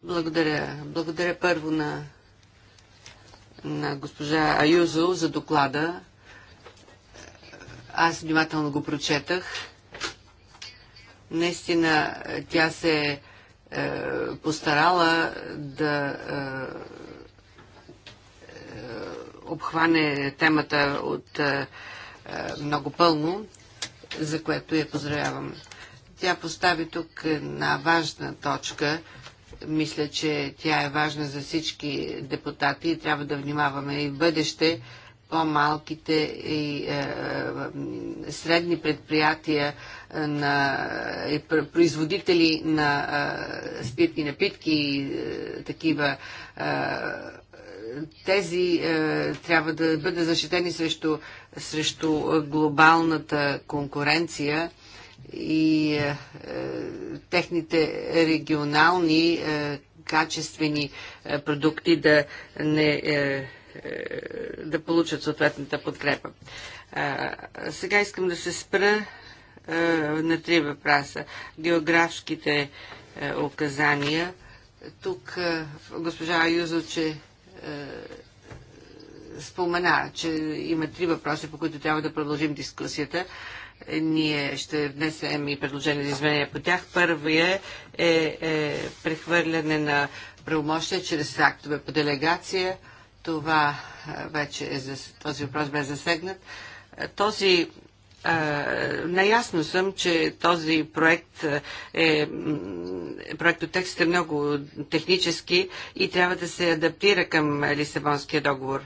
Благодаря. Благодаря първо на на госпожа Аюзо за доклада. Аз внимателно го прочетах. Наистина тя се е, постарала да е, е, обхване темата от е, е много пълно, за което я поздравявам. Тя постави тук една важна точка мисля, че тя е важна за всички депутати и трябва да внимаваме и в бъдеще по-малките и е, е средни предприятия е, на е, производители на е, спиртни напитки и е, такива е, тези е, трябва да бъдат защитени срещу, срещу глобалната конкуренция и е, техните регионални е, качествени е, продукти да не е, е да получат съответната подкрепа. Е, сега искам да се спра е, на три въпроса. Географските е, указания. Тук е, госпожа Аюзо, че е, спомена, че има три въпроса, по които трябва да продължим дискусията. Е, ние ще внесем и предложение за изменения по тях. Първия е, е прехвърляне на правомощия чрез актове по делегация. Това е, вече е, за, този въпрос бе засегнат. Е, този е, наясно съм, че този проект е, текст е много технически и трябва да се адаптира към Лисабонския договор.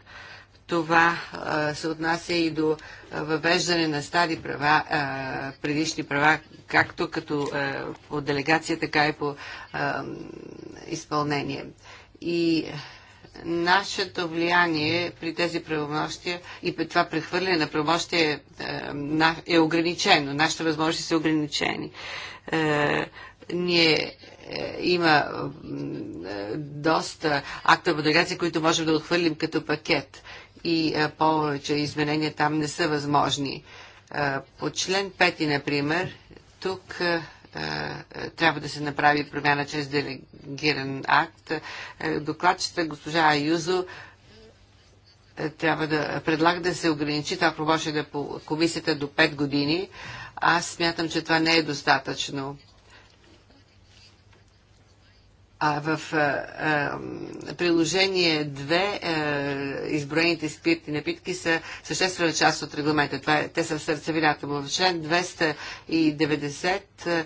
Това се отнася и до въвеждане на стари права, предишни права, както като по делегация, така и по изпълнение. И нашето влияние при тези правомощия и при това прехвърляне на правомощия е, е ограничено. Нашите възможности са ограничени. Е, ние е, има е, доста актове по които можем да отхвърлим като пакет и повече изменения там не са възможни. По член 5, например, тук трябва да се направи промяна чрез делегиран акт. Докладчета госпожа Аюзо трябва да предлага да се ограничи това пробоше да по комисията до 5 години. Аз смятам, че това не е достатъчно. А в а, а, приложение 2 а, изброените спиртни напитки са съществена част от регламента. Това е, те са в сърцевината му. В член 290 а,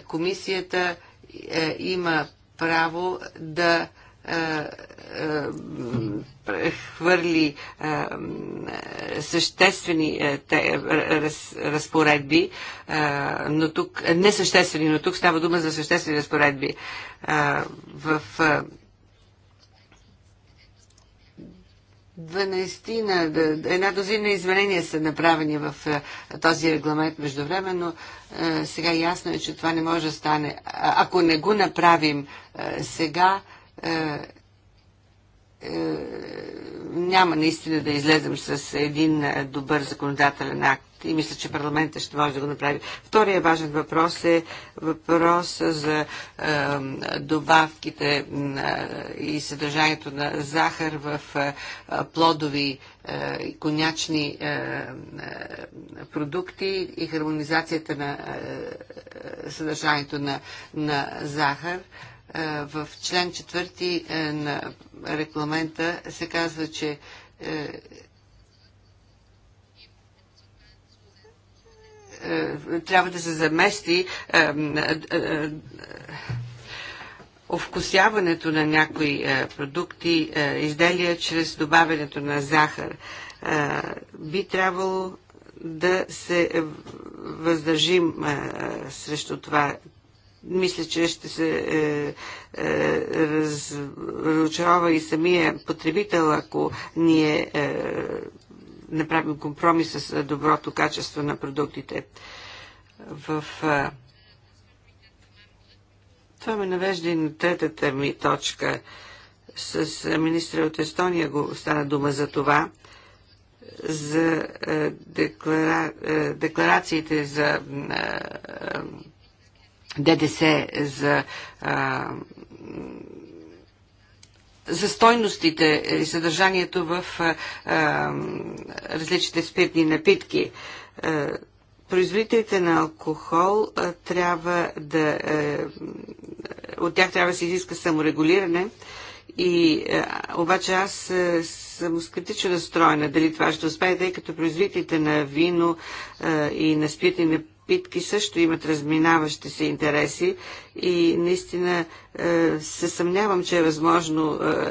комисията а, е, има право да а, хвърли съществени разпоредби, но тук, не съществени, но тук става дума за съществени разпоредби. В 12 на една дозина изменения са направени в този регламент междувременно. Сега ясно е, че това не може да стане. Ако не го направим сега, е, е, няма наистина да излезем с един е, добър законодателен акт и мисля, че парламента ще може да го направи. Втория важен въпрос е въпрос за е, добавките е, и съдържанието на захар в е, плодови и конячни продукти и хармонизацията на съдържанието на, на захар. Е, е, в член 4 е, на регламента се казва, че е, трябва да се замести овкусяването на някои продукти, изделия чрез добавянето на захар. Би трябвало да се въздържим срещу това мисля, че ще се е, е, разочарова и самия потребител, ако ние е, направим компромис с е, доброто качество на продуктите. В, е, това ме навежда и на третата ми точка. С е, министра от Естония го стана дума за това за е, деклара... декларациите за ДДС за а, за стойностите и съдържанието в а, различните спиртни напитки. А, производителите на алкохол а, трябва да. А, от тях трябва да се изиска саморегулиране. И а, обаче аз а, съм скептично настроена дали това ще успее, тъй като производителите на вино а, и на спиртни напитки питки също имат разминаващи се интереси и наистина е, се съмнявам, че е възможно е,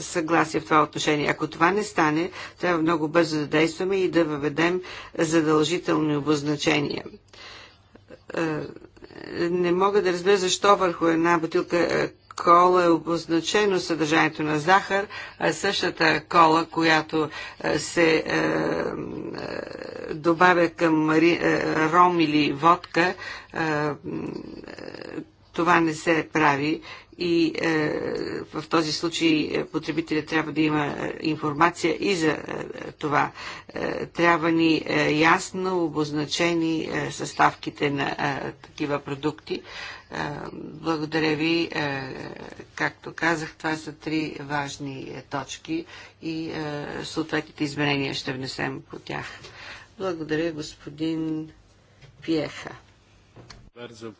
съгласие в това отношение. Ако това не стане, трябва много бързо да действаме и да въведем задължителни обозначения е, не мога да разбера защо върху една бутилка кола е обозначено съдържанието на захар, а същата кола, която се е, добавя към е, ром или водка, е, това не се прави и е, в този случай потребителя трябва да има е, информация и за е, това. Е, трябва ни е, ясно обозначени е, съставките на е, такива продукти. Е, благодаря ви. Е, както казах, това са три важни е, точки и е, съответните изменения ще внесем по тях. Благодаря, господин Пиеха. Bardzo.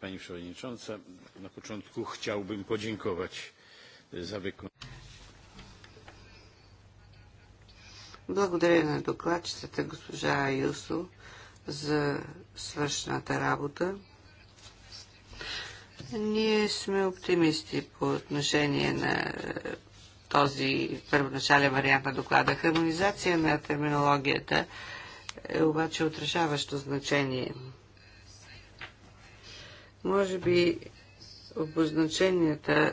Pani Przewodnicząca, na początku chciałbym podziękować wykonanie. Благодаря на докладчицата госпожа Юсо за свършната работа. Ние сме оптимисти по отношение на този първоначален вариант на доклада. Хармонизация на терминологията е обаче отрешаващо значение. Може би обозначенията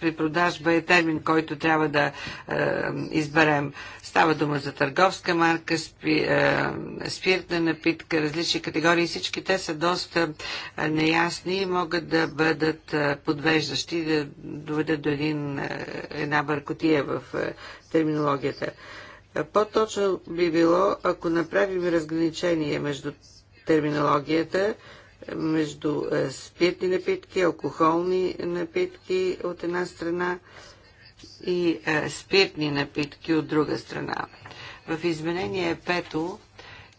при продажба е термин, който трябва да е, изберем. Става дума за търговска марка, спи, е, спиртна напитка, различни категории. Всички те са доста е, неясни и могат да бъдат е, подвеждащи, да доведат до един, е, една бъркотия в е, терминологията. По-точно би било, ако направим разграничение между терминологията, между е, спиртни напитки, алкохолни напитки от една страна и е, спиртни напитки от друга страна. В изменение пето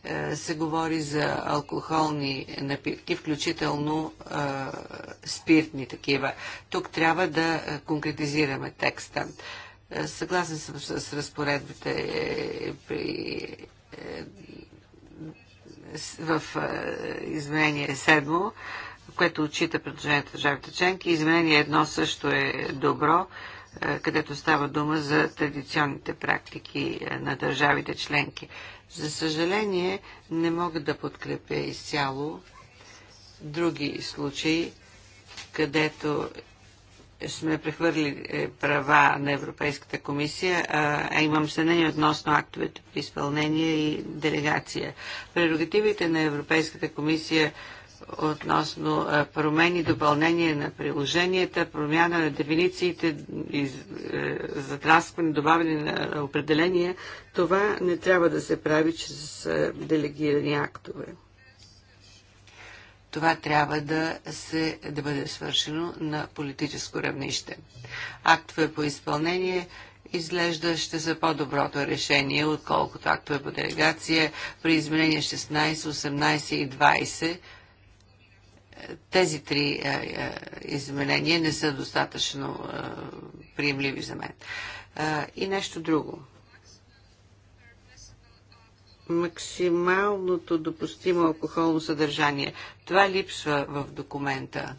е, се говори за алкохолни напитки, включително спиртни такива. Тук трябва да конкретизираме текста. Съгласен съм с разпоредбите при в изменение 7, което отчита предложението на държавите членки. Изменение едно също е добро, където става дума за традиционните практики на държавите членки. За съжаление, не мога да подкрепя изцяло други случаи, където сме прехвърли е, права на Европейската комисия, а имам съмнение относно актовете при изпълнение и делегация. Прерогативите на Европейската комисия относно промени, допълнение на приложенията, промяна на дефинициите, е, затраскване, добавяне на определения, това не трябва да се прави чрез е, делегирани актове това трябва да, се, да бъде свършено на политическо равнище. Актове по изпълнение изглежда ще са по-доброто решение, отколкото актове по делегация при изменение 16, 18 и 20 е, тези три а, е, а, е, изменения не са достатъчно а, приемливи за мен. И нещо друго максималното допустимо алкохолно съдържание. Това липсва в документа.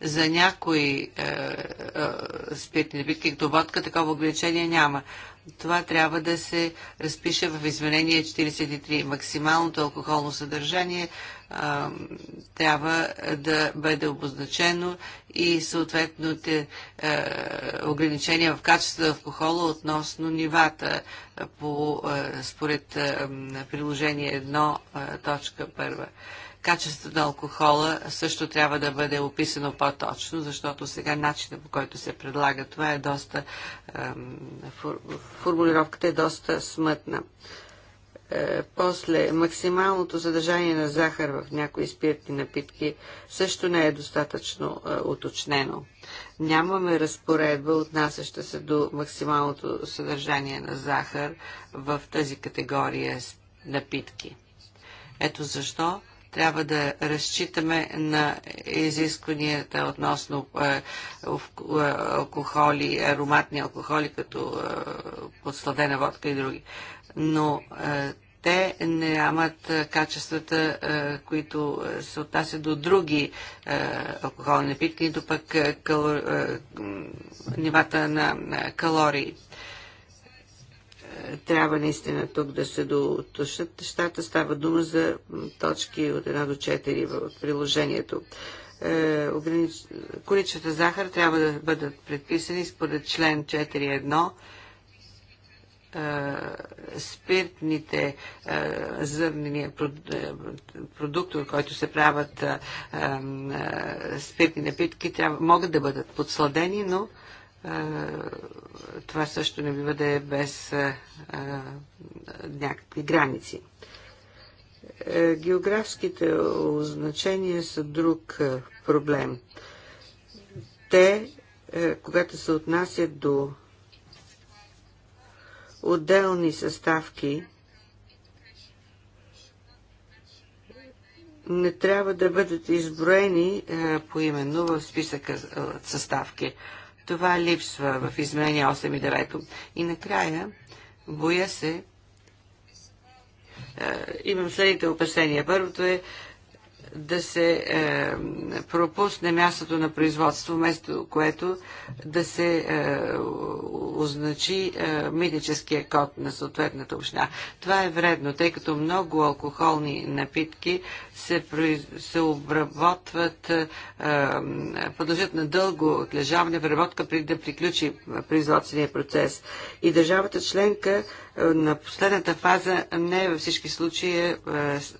За някои е, е, спиртни напитки, като водка, такова ограничение няма. Това трябва да се разпише в изменение 43. Максималното алкохолно съдържание е, трябва да бъде обозначено и съответните е, ограничения в качеството на алкохола относно нивата по, е, според е, приложение 1.1. Качеството на алкохола също трябва да бъде описано по-точно, защото сега начинът по който се предлага това е доста... формулировката е доста смътна е, после максималното съдържание на захар в някои спиртни напитки също не е достатъчно е, уточнено. Нямаме разпоредба, отнасяща се до максималното съдържание на захар в тази категория напитки. Ето защо трябва да разчитаме на изискванията относно е, е, алкохоли, ароматни алкохоли, като е, подсладена водка и други. Но те нямат качествата, които се отнасят до други алкохолни напитки, нито пък калор... нивата на калории трябва наистина тук да се дотушат нещата. Става дума за точки от 1 до 4 в приложението. Е, огранич... захар трябва да бъдат предписани според член 4.1 е, спиртните е, зърнени е, продукти, от който се правят спиртни напитки, могат да бъдат подсладени, но това също не бива да е без някакви граници. Е, географските означения са друг проблем. Те, е, когато се отнасят до отделни съставки, не трябва да бъдат изброени е, поименно в списъка съставки. Това липсва в изменение 8 и 9. И накрая, боя се, е, имам следните опасения. Първото е да се е, пропусне мястото на производство, вместо което да се е, означи е, митническия код на съответната община. Това е вредно, тъй като много алкохолни напитки се, произ... се обработват, е, подлежат на дълго отлежаване, преработка преди да приключи производствения процес. И държавата членка на последната фаза не е във всички случаи е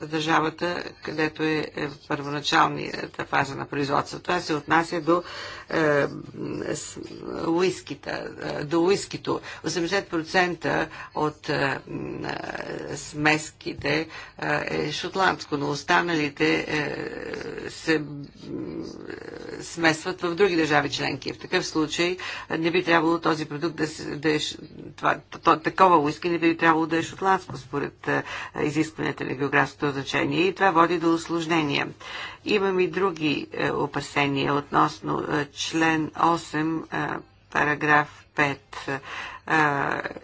държавата, където е, е първоначалната фаза на производство. Това се отнася до е, с, уискита, е, до уискито. 80% от е, смеските е шотландско, но останалите е, се смесват в други държави членки. В такъв случай не би трябвало този продукт да, да е това, то, такова уиски не би трябвало да е шотландско според е, изискванията на географското значение и това води до осложнения. Имам и други е, опасения относно е, член 8, параграф 5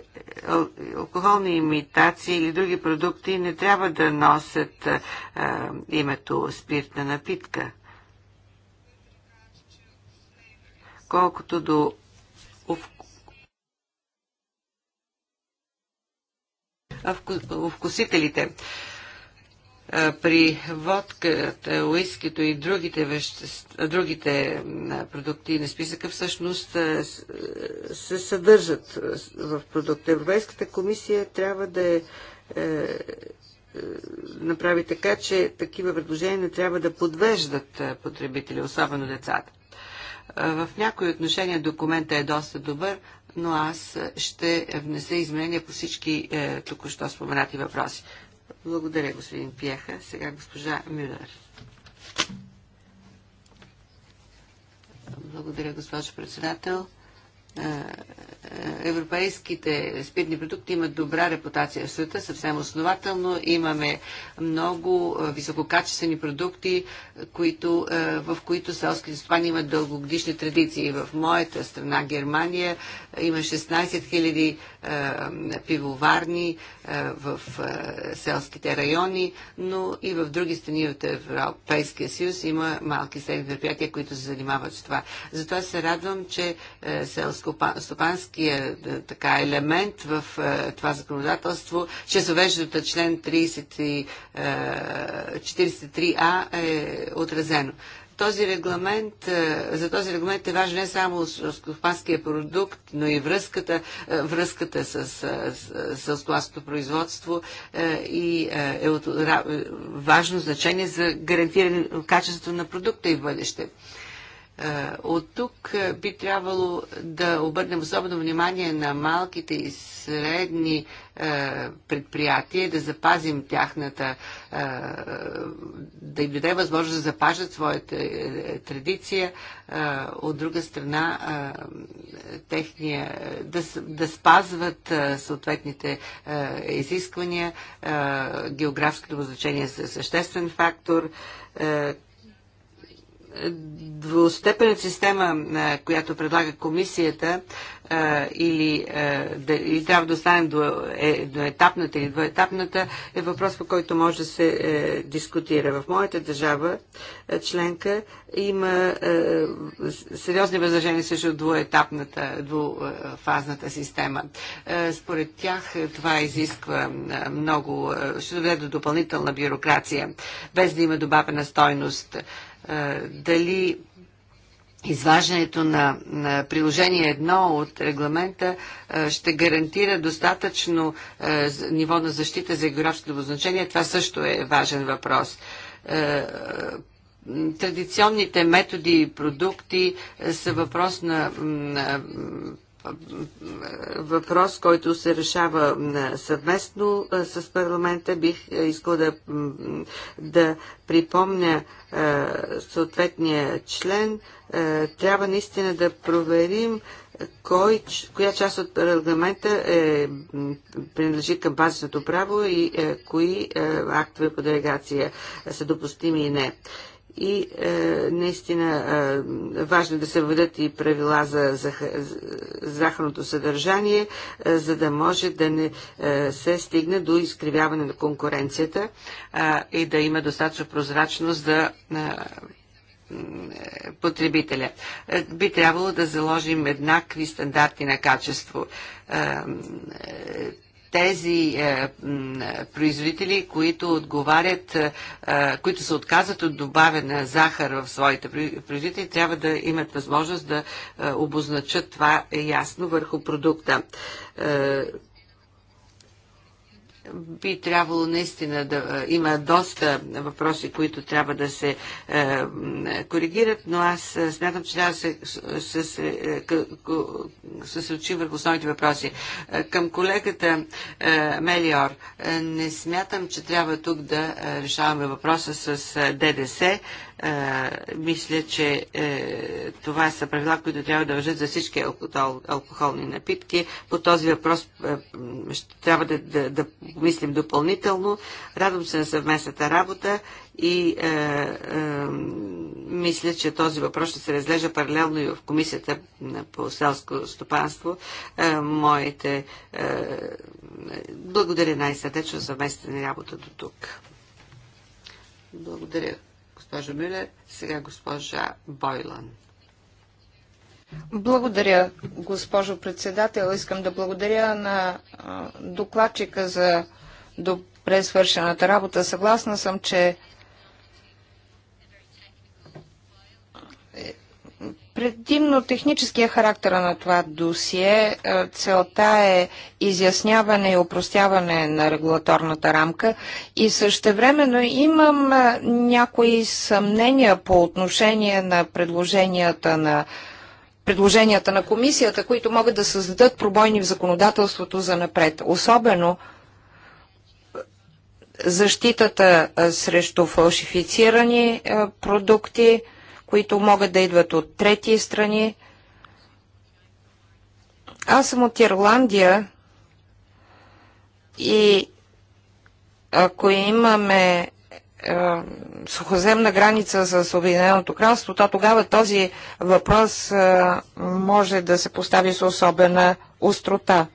алкохолни имитации или други продукти не трябва да носят а, името спиртна напитка. Колкото до вкусителите. При водката, уискито и другите, вещества, другите продукти на списъка всъщност се съдържат в продукта. Европейската комисия трябва да е, е направи така, че такива предложения не трябва да подвеждат потребители, особено децата. В някои отношения документа е доста добър, но аз ще внеса изменения по всички е, току-що споменати въпроси. Благодаря, господин Пиеха. Сега госпожа Мюлер. Благодаря, госпожо председател европейските спиртни продукти имат добра репутация в света, съвсем основателно. Имаме много висококачествени продукти, които, в които селските стопани имат дългогодишни традиции. В моята страна, Германия, има 16 000 пивоварни в селските райони, но и в други страни от Европейския съюз има малки средни предприятия, които се занимават с това. Затова се радвам, че селските селско-стопанския е, така елемент в е, това законодателство че увеждането на член 30, 43а е, е отразено този регламент, за този регламент е важен не само селскостопанския продукт, но и връзката, връзката с селскостопанското производство и е от важно значение за гарантиране качеството на продукта и в бъдеще. От тук би трябвало да обърнем особено внимание на малките и средни предприятия, да запазим тяхната, да им даде възможност да запазят своята е, традиция. От друга страна, техния, да, да спазват съответните изисквания. Географското обозначение е съществен фактор двустепенна система, която предлага комисията, или, или трябва да останем до, е, до етапната или двоетапната, е въпрос, по който може да се е, дискутира. В моята държава членка има е, сериозни възражения срещу двоетапната, двуфазната система. Е, според тях е, това изисква много, ще доведе до допълнителна бюрокрация, без да има добавена стойност. Е, дали изваждането на, на приложение Едно от регламента ще гарантира достатъчно ниво на защита за географското обозначение. Това също е важен въпрос. традиционните методи и продукти са въпрос на, на въпрос, който се решава съвместно с парламента. Бих искал да, да припомня съответния член. Трябва наистина да проверим кой, коя част от регламента е, принадлежи към базисното право и е, кои е, актове по делегация са допустими и не и е, наистина е, важно е да се въведат и правила за, за, за захарното съдържание, е, за да може да не е, се стигне до изкривяване на конкуренцията е, и да има достатъчно прозрачност за е, потребителя. Е, би трябвало да заложим еднакви стандарти на качество. Е, тези е, производители, които отговарят, е, е, които се отказват от добавена захар в своите производители, трябва да имат възможност да обозначат това ясно върху продукта би трябвало наистина да е, има доста въпроси, които трябва да се е, коригират, но аз е, смятам, че трябва да се е, съсредоточим върху основните въпроси. Към колегата е, Мелиор, не смятам, че трябва тук да решаваме въпроса с ДДС. А, мисля, че е, това са правила, които трябва да въжат за всички алкохол, алкохолни напитки. По този въпрос е, ще трябва да, да, да мислим допълнително. Радвам се на съвместната работа и е, мисля, че този въпрос ще се разглежда паралелно и в Комисията по селско стопанство. моите благодаря най-сърдечно за съвместната работа до тук. Благодаря госпожо Мюлер. Сега госпожа Бойлан. Благодаря, госпожо председател. Искам да благодаря на докладчика за добре свършената работа. Съгласна съм, че предимно техническия характер на това досие. Е, целта е изясняване и упростяване на регулаторната рамка и същевременно имам е, някои съмнения по отношение на предложенията на предложенията на комисията, които могат да създадат пробойни в законодателството за напред. Особено е, защитата срещу фалшифицирани продукти – които могат да идват от трети страни. Аз съм от Ирландия и ако имаме е, сухоземна граница с Обединеното кралство, то тогава този въпрос е, може да се постави с особена острота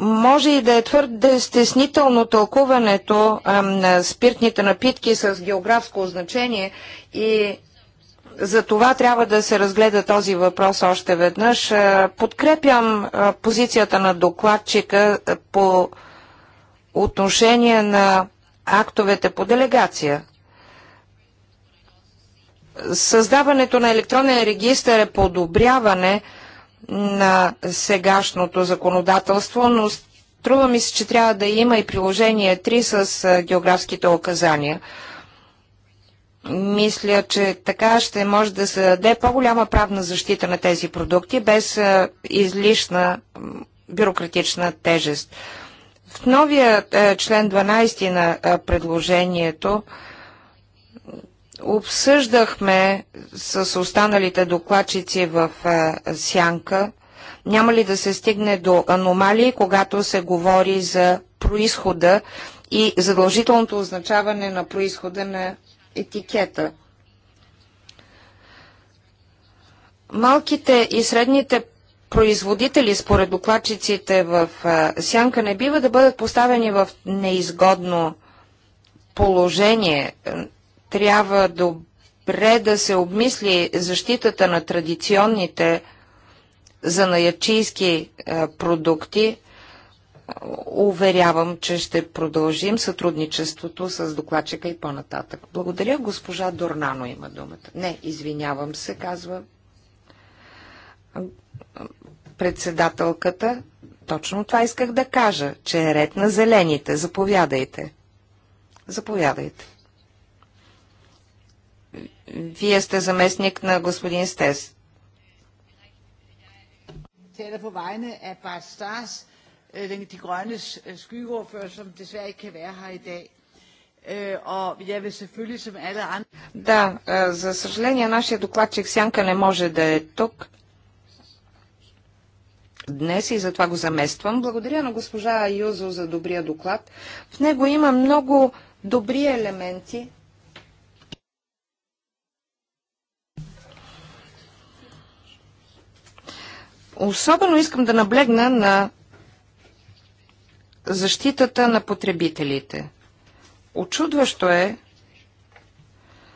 може и да е твърде стеснително тълкуването на спиртните напитки с географско значение и за това трябва да се разгледа този въпрос още веднъж. Подкрепям позицията на докладчика по отношение на актовете по делегация. Създаването на електронен регистър е подобряване – на сегашното законодателство, но струва ми се, че трябва да има и приложение 3 с географските указания. Мисля, че така ще може да се даде по-голяма правна защита на тези продукти без излишна бюрократична тежест. В новия е, член 12 на предложението Обсъждахме с останалите докладчици в е, Сянка, няма ли да се стигне до аномалии, когато се говори за происхода и задължителното означаване на происхода на етикета. Малките и средните производители, според докладчиците в е, Сянка, не бива да бъдат поставени в неизгодно положение. Трябва добре да се обмисли защитата на традиционните занаячийски е, продукти. Уверявам, че ще продължим сътрудничеството с докладчика и по-нататък. Благодаря. Госпожа Дорнано има думата. Не, извинявам се, казва председателката. Точно това исках да кажа, че е ред на зелените. Заповядайте. Заповядайте. Вие сте заместник на господин Стес. Да, øh, øh, øh, за съжаление нашия докладчик Сянка не може да е тук днес и затова го замествам. Благодаря на госпожа Юзо за добрия доклад. В него има много добри елементи, Особено искам да наблегна на защитата на потребителите. Очудващо е,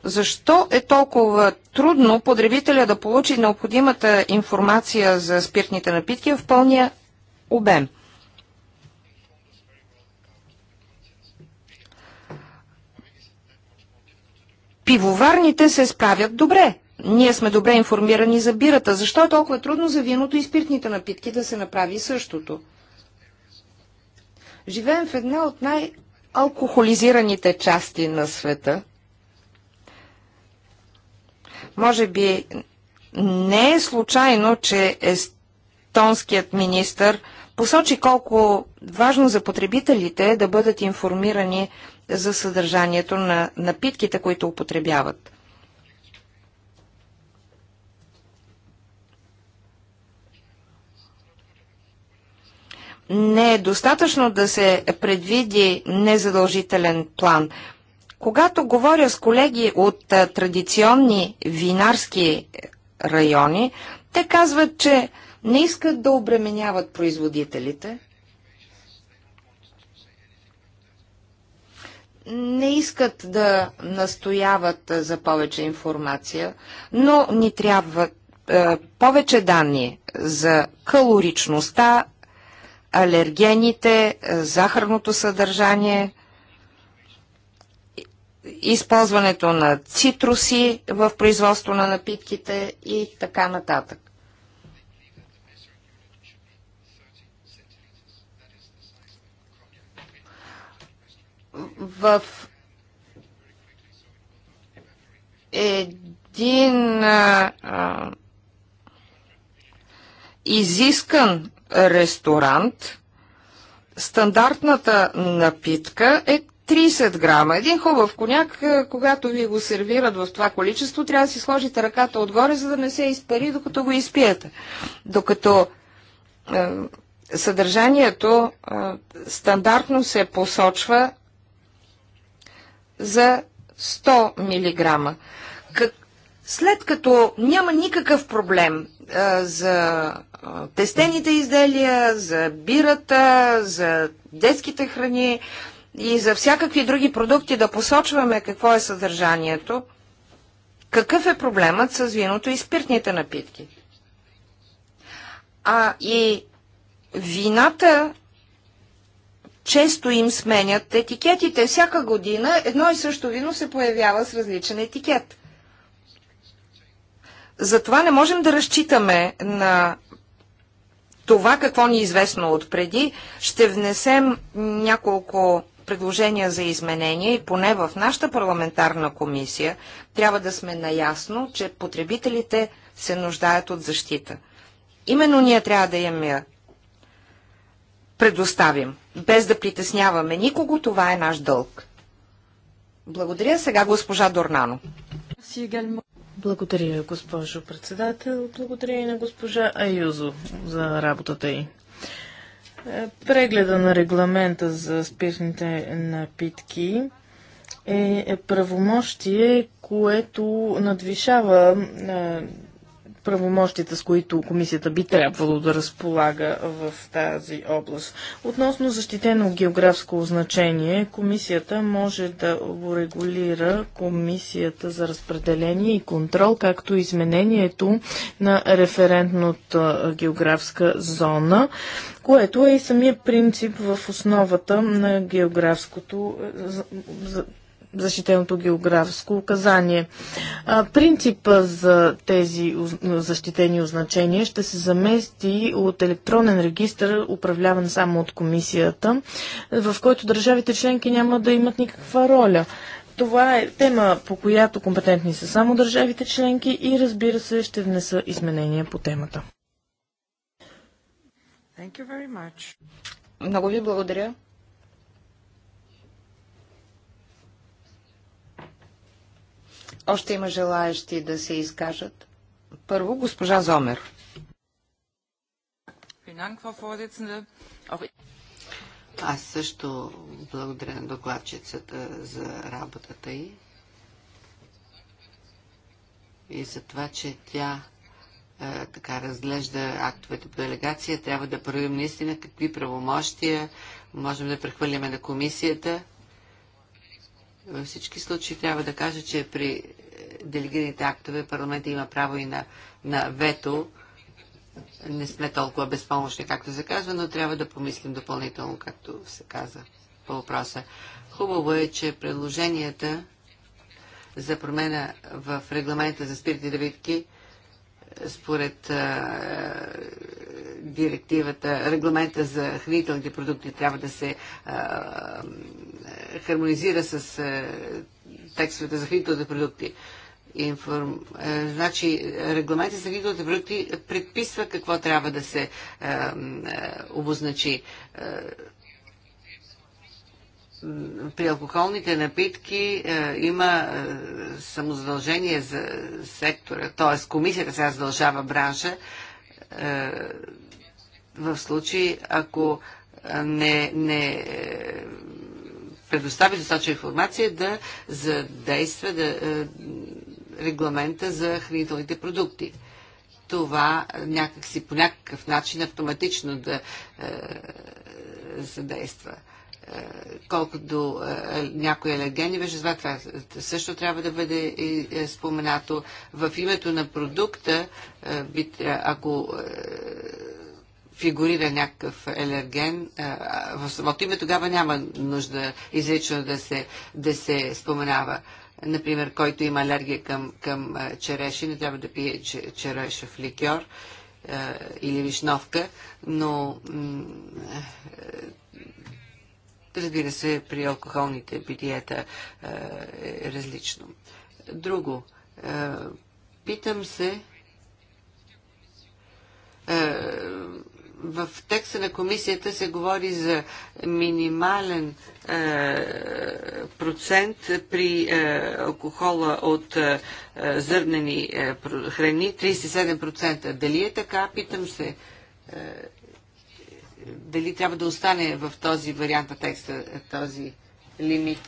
защо е толкова трудно потребителя да получи необходимата информация за спиртните напитки в пълния обем? Пивоварните се справят добре, ние сме добре информирани за бирата. Защо е толкова трудно за виното и спиртните напитки да се направи същото? Живеем в една от най-алкохолизираните части на света. Може би не е случайно, че естонският министр посочи колко важно за потребителите е да бъдат информирани за съдържанието на напитките, които употребяват. не е достатъчно да се предвиди незадължителен план. Когато говоря с колеги от традиционни винарски райони, те казват, че не искат да обременяват производителите. Не искат да настояват за повече информация, но ни трябва повече данни за калоричността, алергените, е, захарното съдържание, използването на цитруси в производство на напитките и така нататък. В един а, а, изискан ресторант стандартната напитка е 30 грама. Един хубав коняк, е, когато ви го сервират в това количество, трябва да си сложите ръката отгоре, за да не се изпари, докато го изпиете. Докато е, съдържанието е, стандартно се посочва за 100 милиграма. След като няма никакъв проблем а, за тестените изделия, за бирата, за детските храни и за всякакви други продукти да посочваме какво е съдържанието, какъв е проблемът с виното и спиртните напитки? А и вината често им сменят етикетите. Всяка година едно и също вино се появява с различен етикет. Затова не можем да разчитаме на това, какво ни е известно отпреди. Ще внесем няколко предложения за изменения и поне в нашата парламентарна комисия трябва да сме наясно, че потребителите се нуждаят от защита. Именно ние трябва да им я предоставим, без да притесняваме никого, това е наш дълг. Благодаря сега госпожа Дорнано. Благодаря, госпожо председател. Благодаря и на госпожа Аюзо за работата й. Е, прегледа на регламента за спиртните напитки е, е правомощие, което надвишава е, правомощите, с които комисията би трябвало да разполага в тази област. Относно защитено географско значение, комисията може да регулира комисията за разпределение и контрол, както изменението на референтната географска зона, което е и самия принцип в основата на географското защитеното географско указание. принципа за тези защитени означения ще се замести от електронен регистр, управляван само от комисията, в който държавите членки няма да имат никаква роля. Това е тема, по която компетентни са само държавите членки и разбира се ще внеса изменения по темата. Много ви благодаря. Още има желаящи да се изкажат. Първо, госпожа Зомер. Аз също благодаря на докладчицата за работата й и за това, че тя е, така разглежда актовете по делегация. Трябва да проявим наистина какви правомощия можем да прехвърлиме на комисията във всички случаи трябва да кажа, че при е, делегираните актове парламента има право и на, на вето. Не сме толкова безпомощни, както се казва, но трябва да помислим допълнително, както се каза по въпроса. Хубаво е, че предложенията за промена в регламента за спиртни давидки е, според е, директивата, регламента за хранителните продукти трябва да се хармонизира с текстовете за хранителните продукти. Информ... Значи, регламентът за хранителните продукти предписва какво трябва да се обозначи при алкохолните напитки има самозадължение за сектора, т.е. комисията сега задължава бранша в случай, ако не, не е, предостави достатъчно информация, да задейства да, е, регламента за хранителните продукти. Това някакси по някакъв начин автоматично да е, задейства колкото до някои алергени вещества, това също трябва да бъде споменато. В името на продукта, ако фигурира някакъв елерген в самото име, тогава няма нужда изрично да се, да се споменава. Например, който има алергия към, към череши, не трябва да пие черешев ликьор или вишновка, но разбира се, при алкохолните питиета е различно. Друго, питам се, в текста на комисията се говори за минимален е, процент при е, алкохола от е, зърнени е, храни 37%. Дали е така? Питам се. Е, дали трябва да остане в този вариант на текста е, този лимит?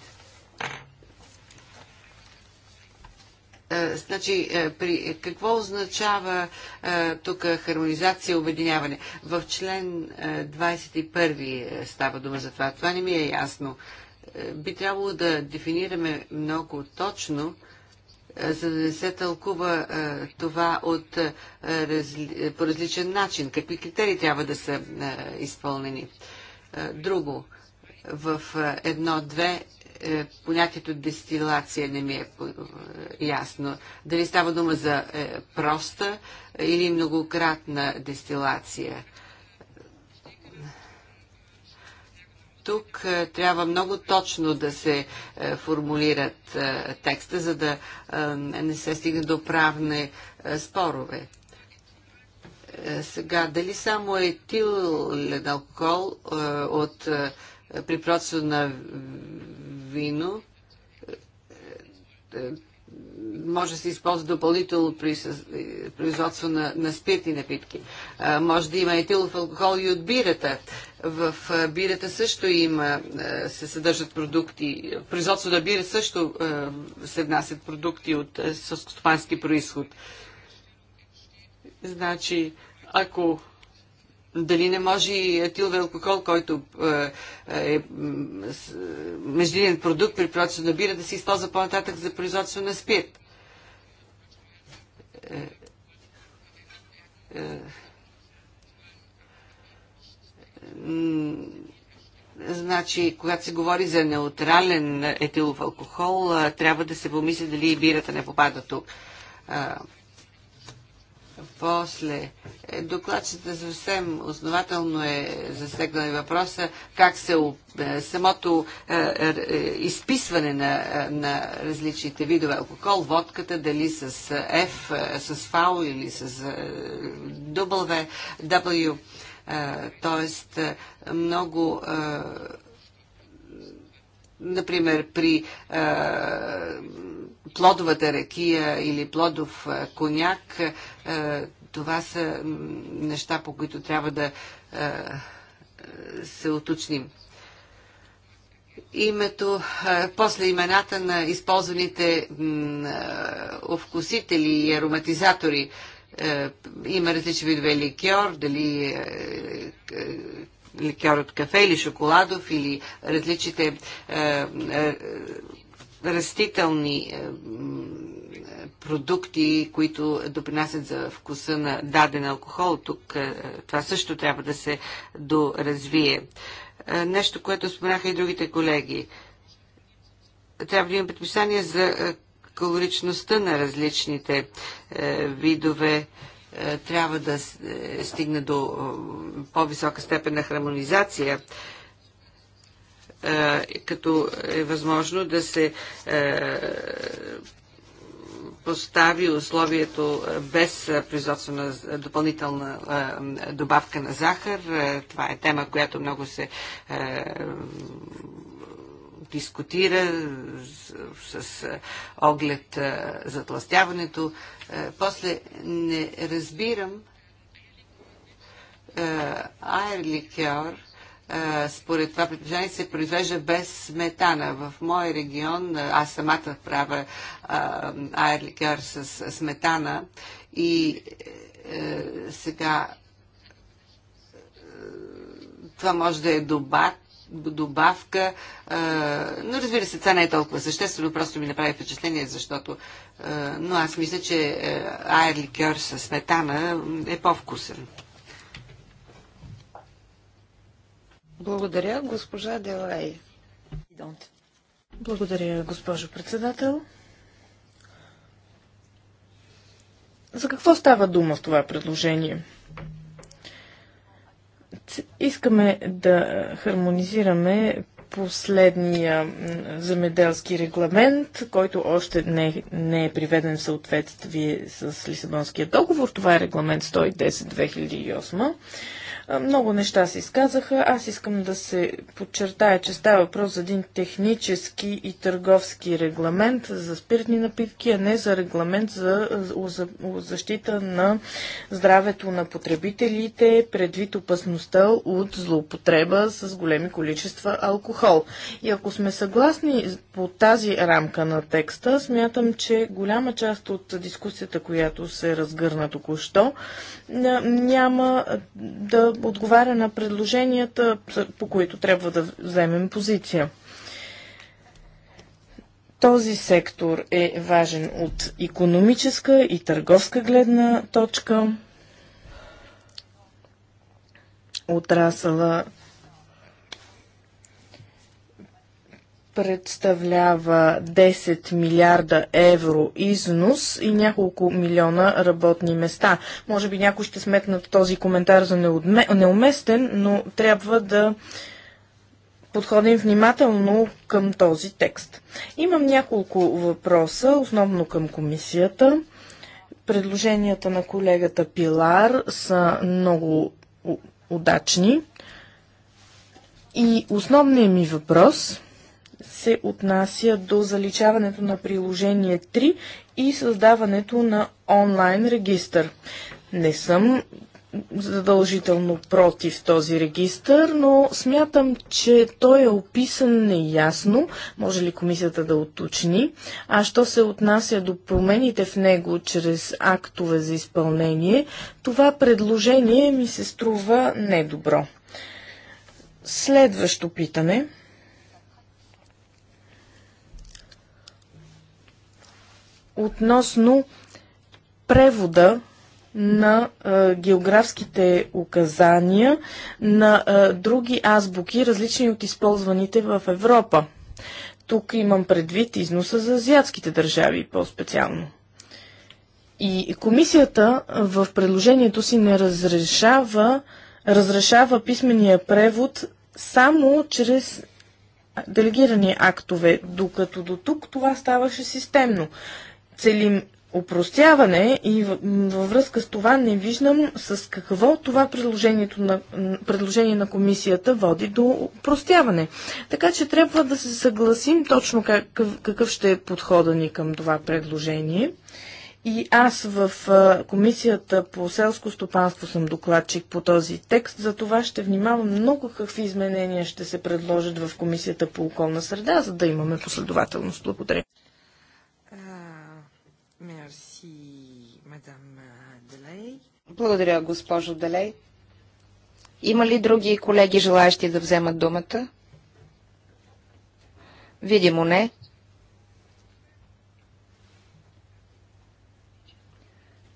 Е, значи, е, при, какво означава е, тук хармонизация и обединяване? В член 21 става дума за това. Това не ми е ясно. Би трябвало да дефинираме много точно, за да не се тълкува това от, по различен начин. Какви критерии трябва да са изпълнени? Друго в едно-две е, понятието дестилация не ми е, е ясно. Дали става дума за е, проста или многократна дестилация? Тук трябва много точно да се формулират текста, за да не се стигне до правни спорове. Сега, дали само етилен алкохол от при производство на вино е, е, може да се използва допълнително при е, производство на, на спиртни напитки. може да има етилов алкохол и от бирата. В бирата също има, се съдържат продукти. В производство на бира също се внасят продукти от сълскостопански происход. Значи, ако дали не може и етилове алкохол, който е, е междинен продукт при производство на бира, да се използва по-нататък за производство на спирт? Е, е, значи, когато се говори за неутрален етилов алкохол, е, трябва да се помисли дали и бирата не попада тук. После, е, докладчета съвсем основателно е засегнал въпроса как се е, самото е, изписване на, на различните видове алкохол, водката, дали с F, с V или с W, W т.е. много например, при плодовата ракия или плодов коняк, това са неща, по които трябва да се уточним името, после имената на използваните овкусители и ароматизатори. Има различни видове ликьор, дали е, е, ликьор от кафе или шоколадов или различните е, растителни е, продукти, които допринасят за вкуса на даден алкохол. Тук е, това също трябва да се доразвие. Е, нещо, което споменаха и другите колеги. Трябва да има предписание за калоричността на различните видове трябва да стигне до по-висока степен на хармонизация е, като е възможно да се е, постави условието е, без производство на допълнителна добавка на захар. Това е тема, която много се дискутира с, оглед оглед затластяването. После не разбирам Айр ликьор според това предпочитание се произвежда без сметана. В моя регион, аз самата правя аерликер с сметана и е, сега е, това може да е добавка, добавка. Е, но разбира се, това не е толкова съществено, просто ми направи впечатление, защото... но аз мисля, че аерликер с сметана е по-вкусен. Благодаря, госпожа Делай. Благодаря, госпожо председател. За какво става дума в това предложение? Искаме да хармонизираме последния земеделски регламент, който още не, не е приведен в съответствие с Лисабонския договор. Това е регламент 110-2008. Много неща се изказаха. Аз искам да се подчертая, че става въпрос за един технически и търговски регламент за спиртни напитки, а не за регламент за, защита на здравето на потребителите, предвид опасността от злоупотреба с големи количества алкохол. И ако сме съгласни по тази рамка на текста, смятам, че голяма част от дискусията, която се разгърна току-що, няма да отговаря на предложенията, по които трябва да вземем позиция. Този сектор е важен от економическа и търговска гледна точка. Отрасъла представлява 10 милиарда евро износ и няколко милиона работни места. Може би някой ще сметнат този коментар за неуместен, но трябва да подходим внимателно към този текст. Имам няколко въпроса, основно към комисията. Предложенията на колегата Пилар са много удачни. И основният ми въпрос се отнася до заличаването на приложение 3 и създаването на онлайн регистър. Не съм задължително против този регистър, но смятам, че той е описан неясно. Може ли комисията да уточни? А що се отнася до промените в него чрез актове за изпълнение, това предложение ми се струва недобро. Следващо питане – относно превода на а, географските указания на а, други азбуки, различни от използваните в Европа. Тук имам предвид износа за азиатските държави по-специално. И комисията в предложението си не разрешава, разрешава писмения превод само чрез делегирани актове, докато до тук това ставаше системно целим упростяване и във връзка с това не виждам с какво това предложението на, предложение на комисията води до упростяване. Така че трябва да се съгласим точно какъв, какъв ще е подхода ни към това предложение. И аз в Комисията по селско стопанство съм докладчик по този текст, за това ще внимавам много какви изменения ще се предложат в Комисията по околна среда, за да имаме последователност. Благодаря. Благодаря, госпожо Далей. Има ли други колеги желаящи да вземат думата? Видимо не.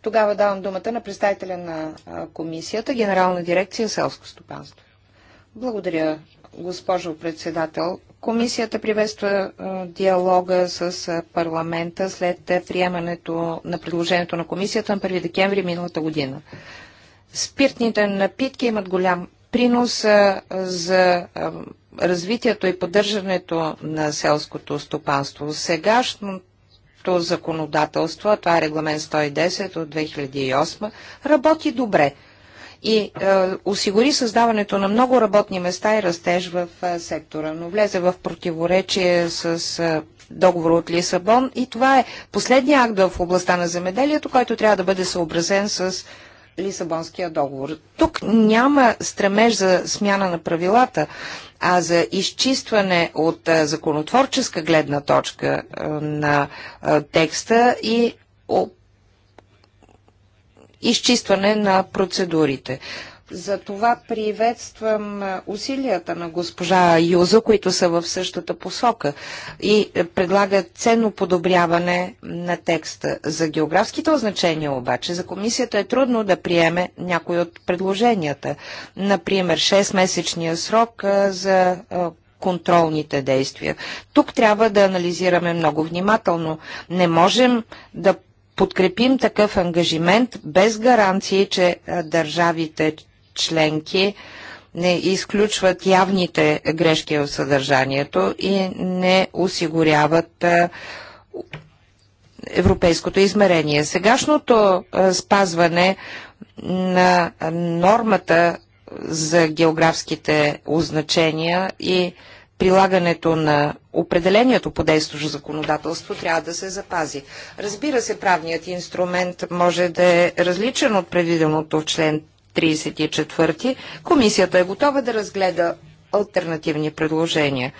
Тогава давам думата на представителя на комисията, Генерална дирекция Селско стопанство. Благодаря, госпожо председател. Комисията приветства е, диалога с е, парламента след е, приемането на предложението на комисията на 1 декември миналата година. Спиртните напитки имат голям принос за развитието и поддържането на селското стопанство. Сегашното законодателство, това е регламент 110 от 2008, работи добре – и е, осигури създаването на много работни места и растеж в е, сектора, но влезе в противоречие с е, договор от Лисабон и това е последния акт в областта на земеделието, който трябва да бъде съобразен с Лисабонския договор. Тук няма стремеж за смяна на правилата, а за изчистване от е, законотворческа гледна точка е, на е, текста и изчистване на процедурите. За това приветствам усилията на госпожа Юза, които са в същата посока и е, предлагат ценно подобряване на текста. За географските означения обаче за комисията е трудно да приеме някои от предложенията. Например, 6-месечния срок за контролните действия. Тук трябва да анализираме много внимателно. Не можем да подкрепим такъв ангажимент без гаранции, че държавите членки не изключват явните грешки в съдържанието и не осигуряват европейското измерение. Сегашното спазване на нормата за географските означения и прилагането на определението по действащо законодателство трябва да се запази. Разбира се, правният инструмент може да е различен от предвиденото в член 34. Комисията е готова да разгледа альтернативни предложения.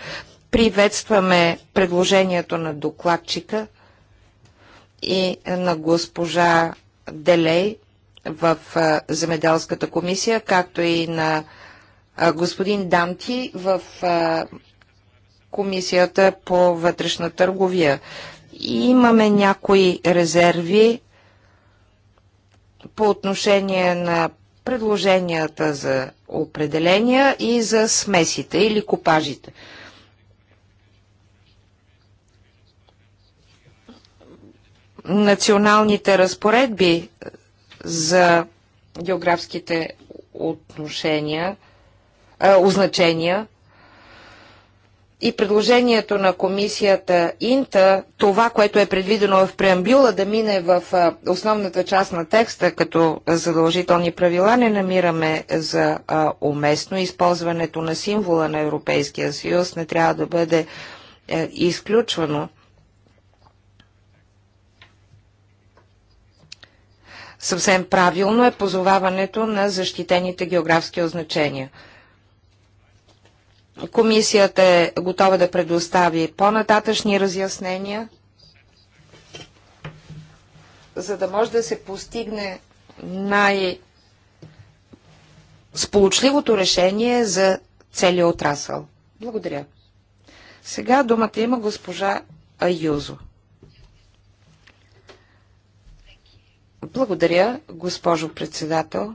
Приветстваме предложението на докладчика и на госпожа Делей в Земеделската комисия, както и на господин Данти в Комисията по вътрешна търговия. И имаме някои резерви по отношение на предложенията за определения и за смесите или копажите. Националните разпоредби за географските отношения, а, означения и предложението на комисията Инта, това, което е предвидено в преамбюла да мине в основната част на текста като задължителни правила, не намираме за уместно. Използването на символа на Европейския съюз не трябва да бъде е, изключвано. Съвсем правилно е позоваването на защитените географски означения – Комисията е готова да предостави по-нататъчни разяснения, за да може да се постигне най- сполучливото решение за целия отрасъл. Благодаря. Сега думата има госпожа Аюзо. Благодаря, госпожо председател.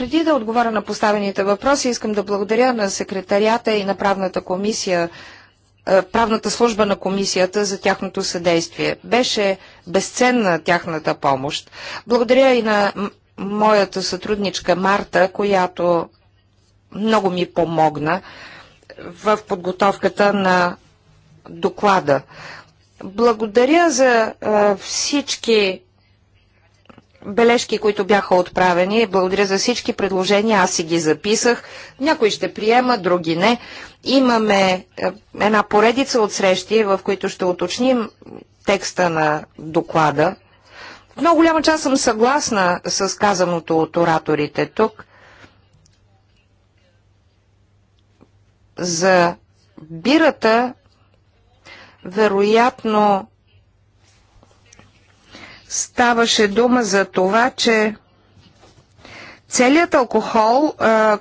Преди да отговоря на поставените въпроси, искам да благодаря на секретарията и на правната комисия, е, правната служба на комисията за тяхното съдействие. Беше безценна тяхната помощ. Благодаря и на моята сътрудничка Марта, която много ми помогна в подготовката на доклада. Благодаря за а, е, всички бележки, които бяха отправени. Благодаря за всички предложения, аз си ги записах. Някои ще приема, други не. Имаме е, една поредица от срещи, в които ще уточним текста на доклада. В много голяма част съм съгласна с казаното от ораторите тук за бирата вероятно ставаше дума за това, че целият алкохол,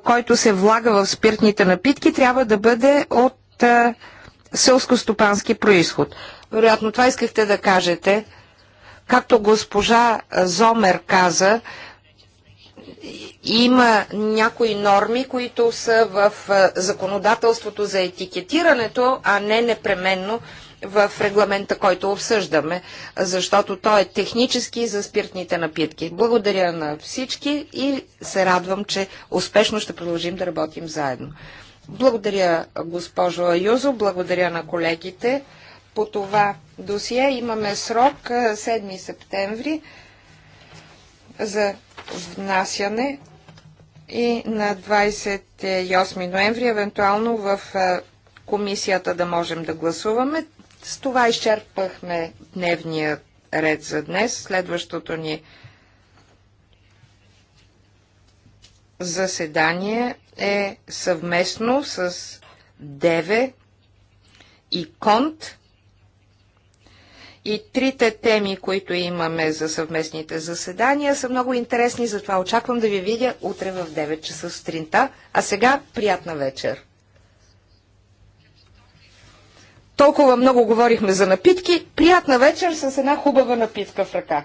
който се влага в спиртните напитки, трябва да бъде от селско-стопански происход. Вероятно това искахте да кажете. Както госпожа Зомер каза, има някои норми, които са в законодателството за етикетирането, а не непременно в регламента, който обсъждаме, защото той е технически за спиртните напитки. Благодаря на всички и се радвам, че успешно ще продължим да работим заедно. Благодаря, госпожо Аюзо, благодаря на колегите. По това досие имаме срок 7 септември за внасяне и на 28 ноември, евентуално в комисията да можем да гласуваме. С това изчерпахме дневния ред за днес. Следващото ни заседание е съвместно с Деве и Конт. И трите теми, които имаме за съвместните заседания, са много интересни, затова очаквам да ви видя утре в 9 часа сутринта. А сега приятна вечер! Толкова много говорихме за напитки. Приятна вечер с една хубава напитка в ръка.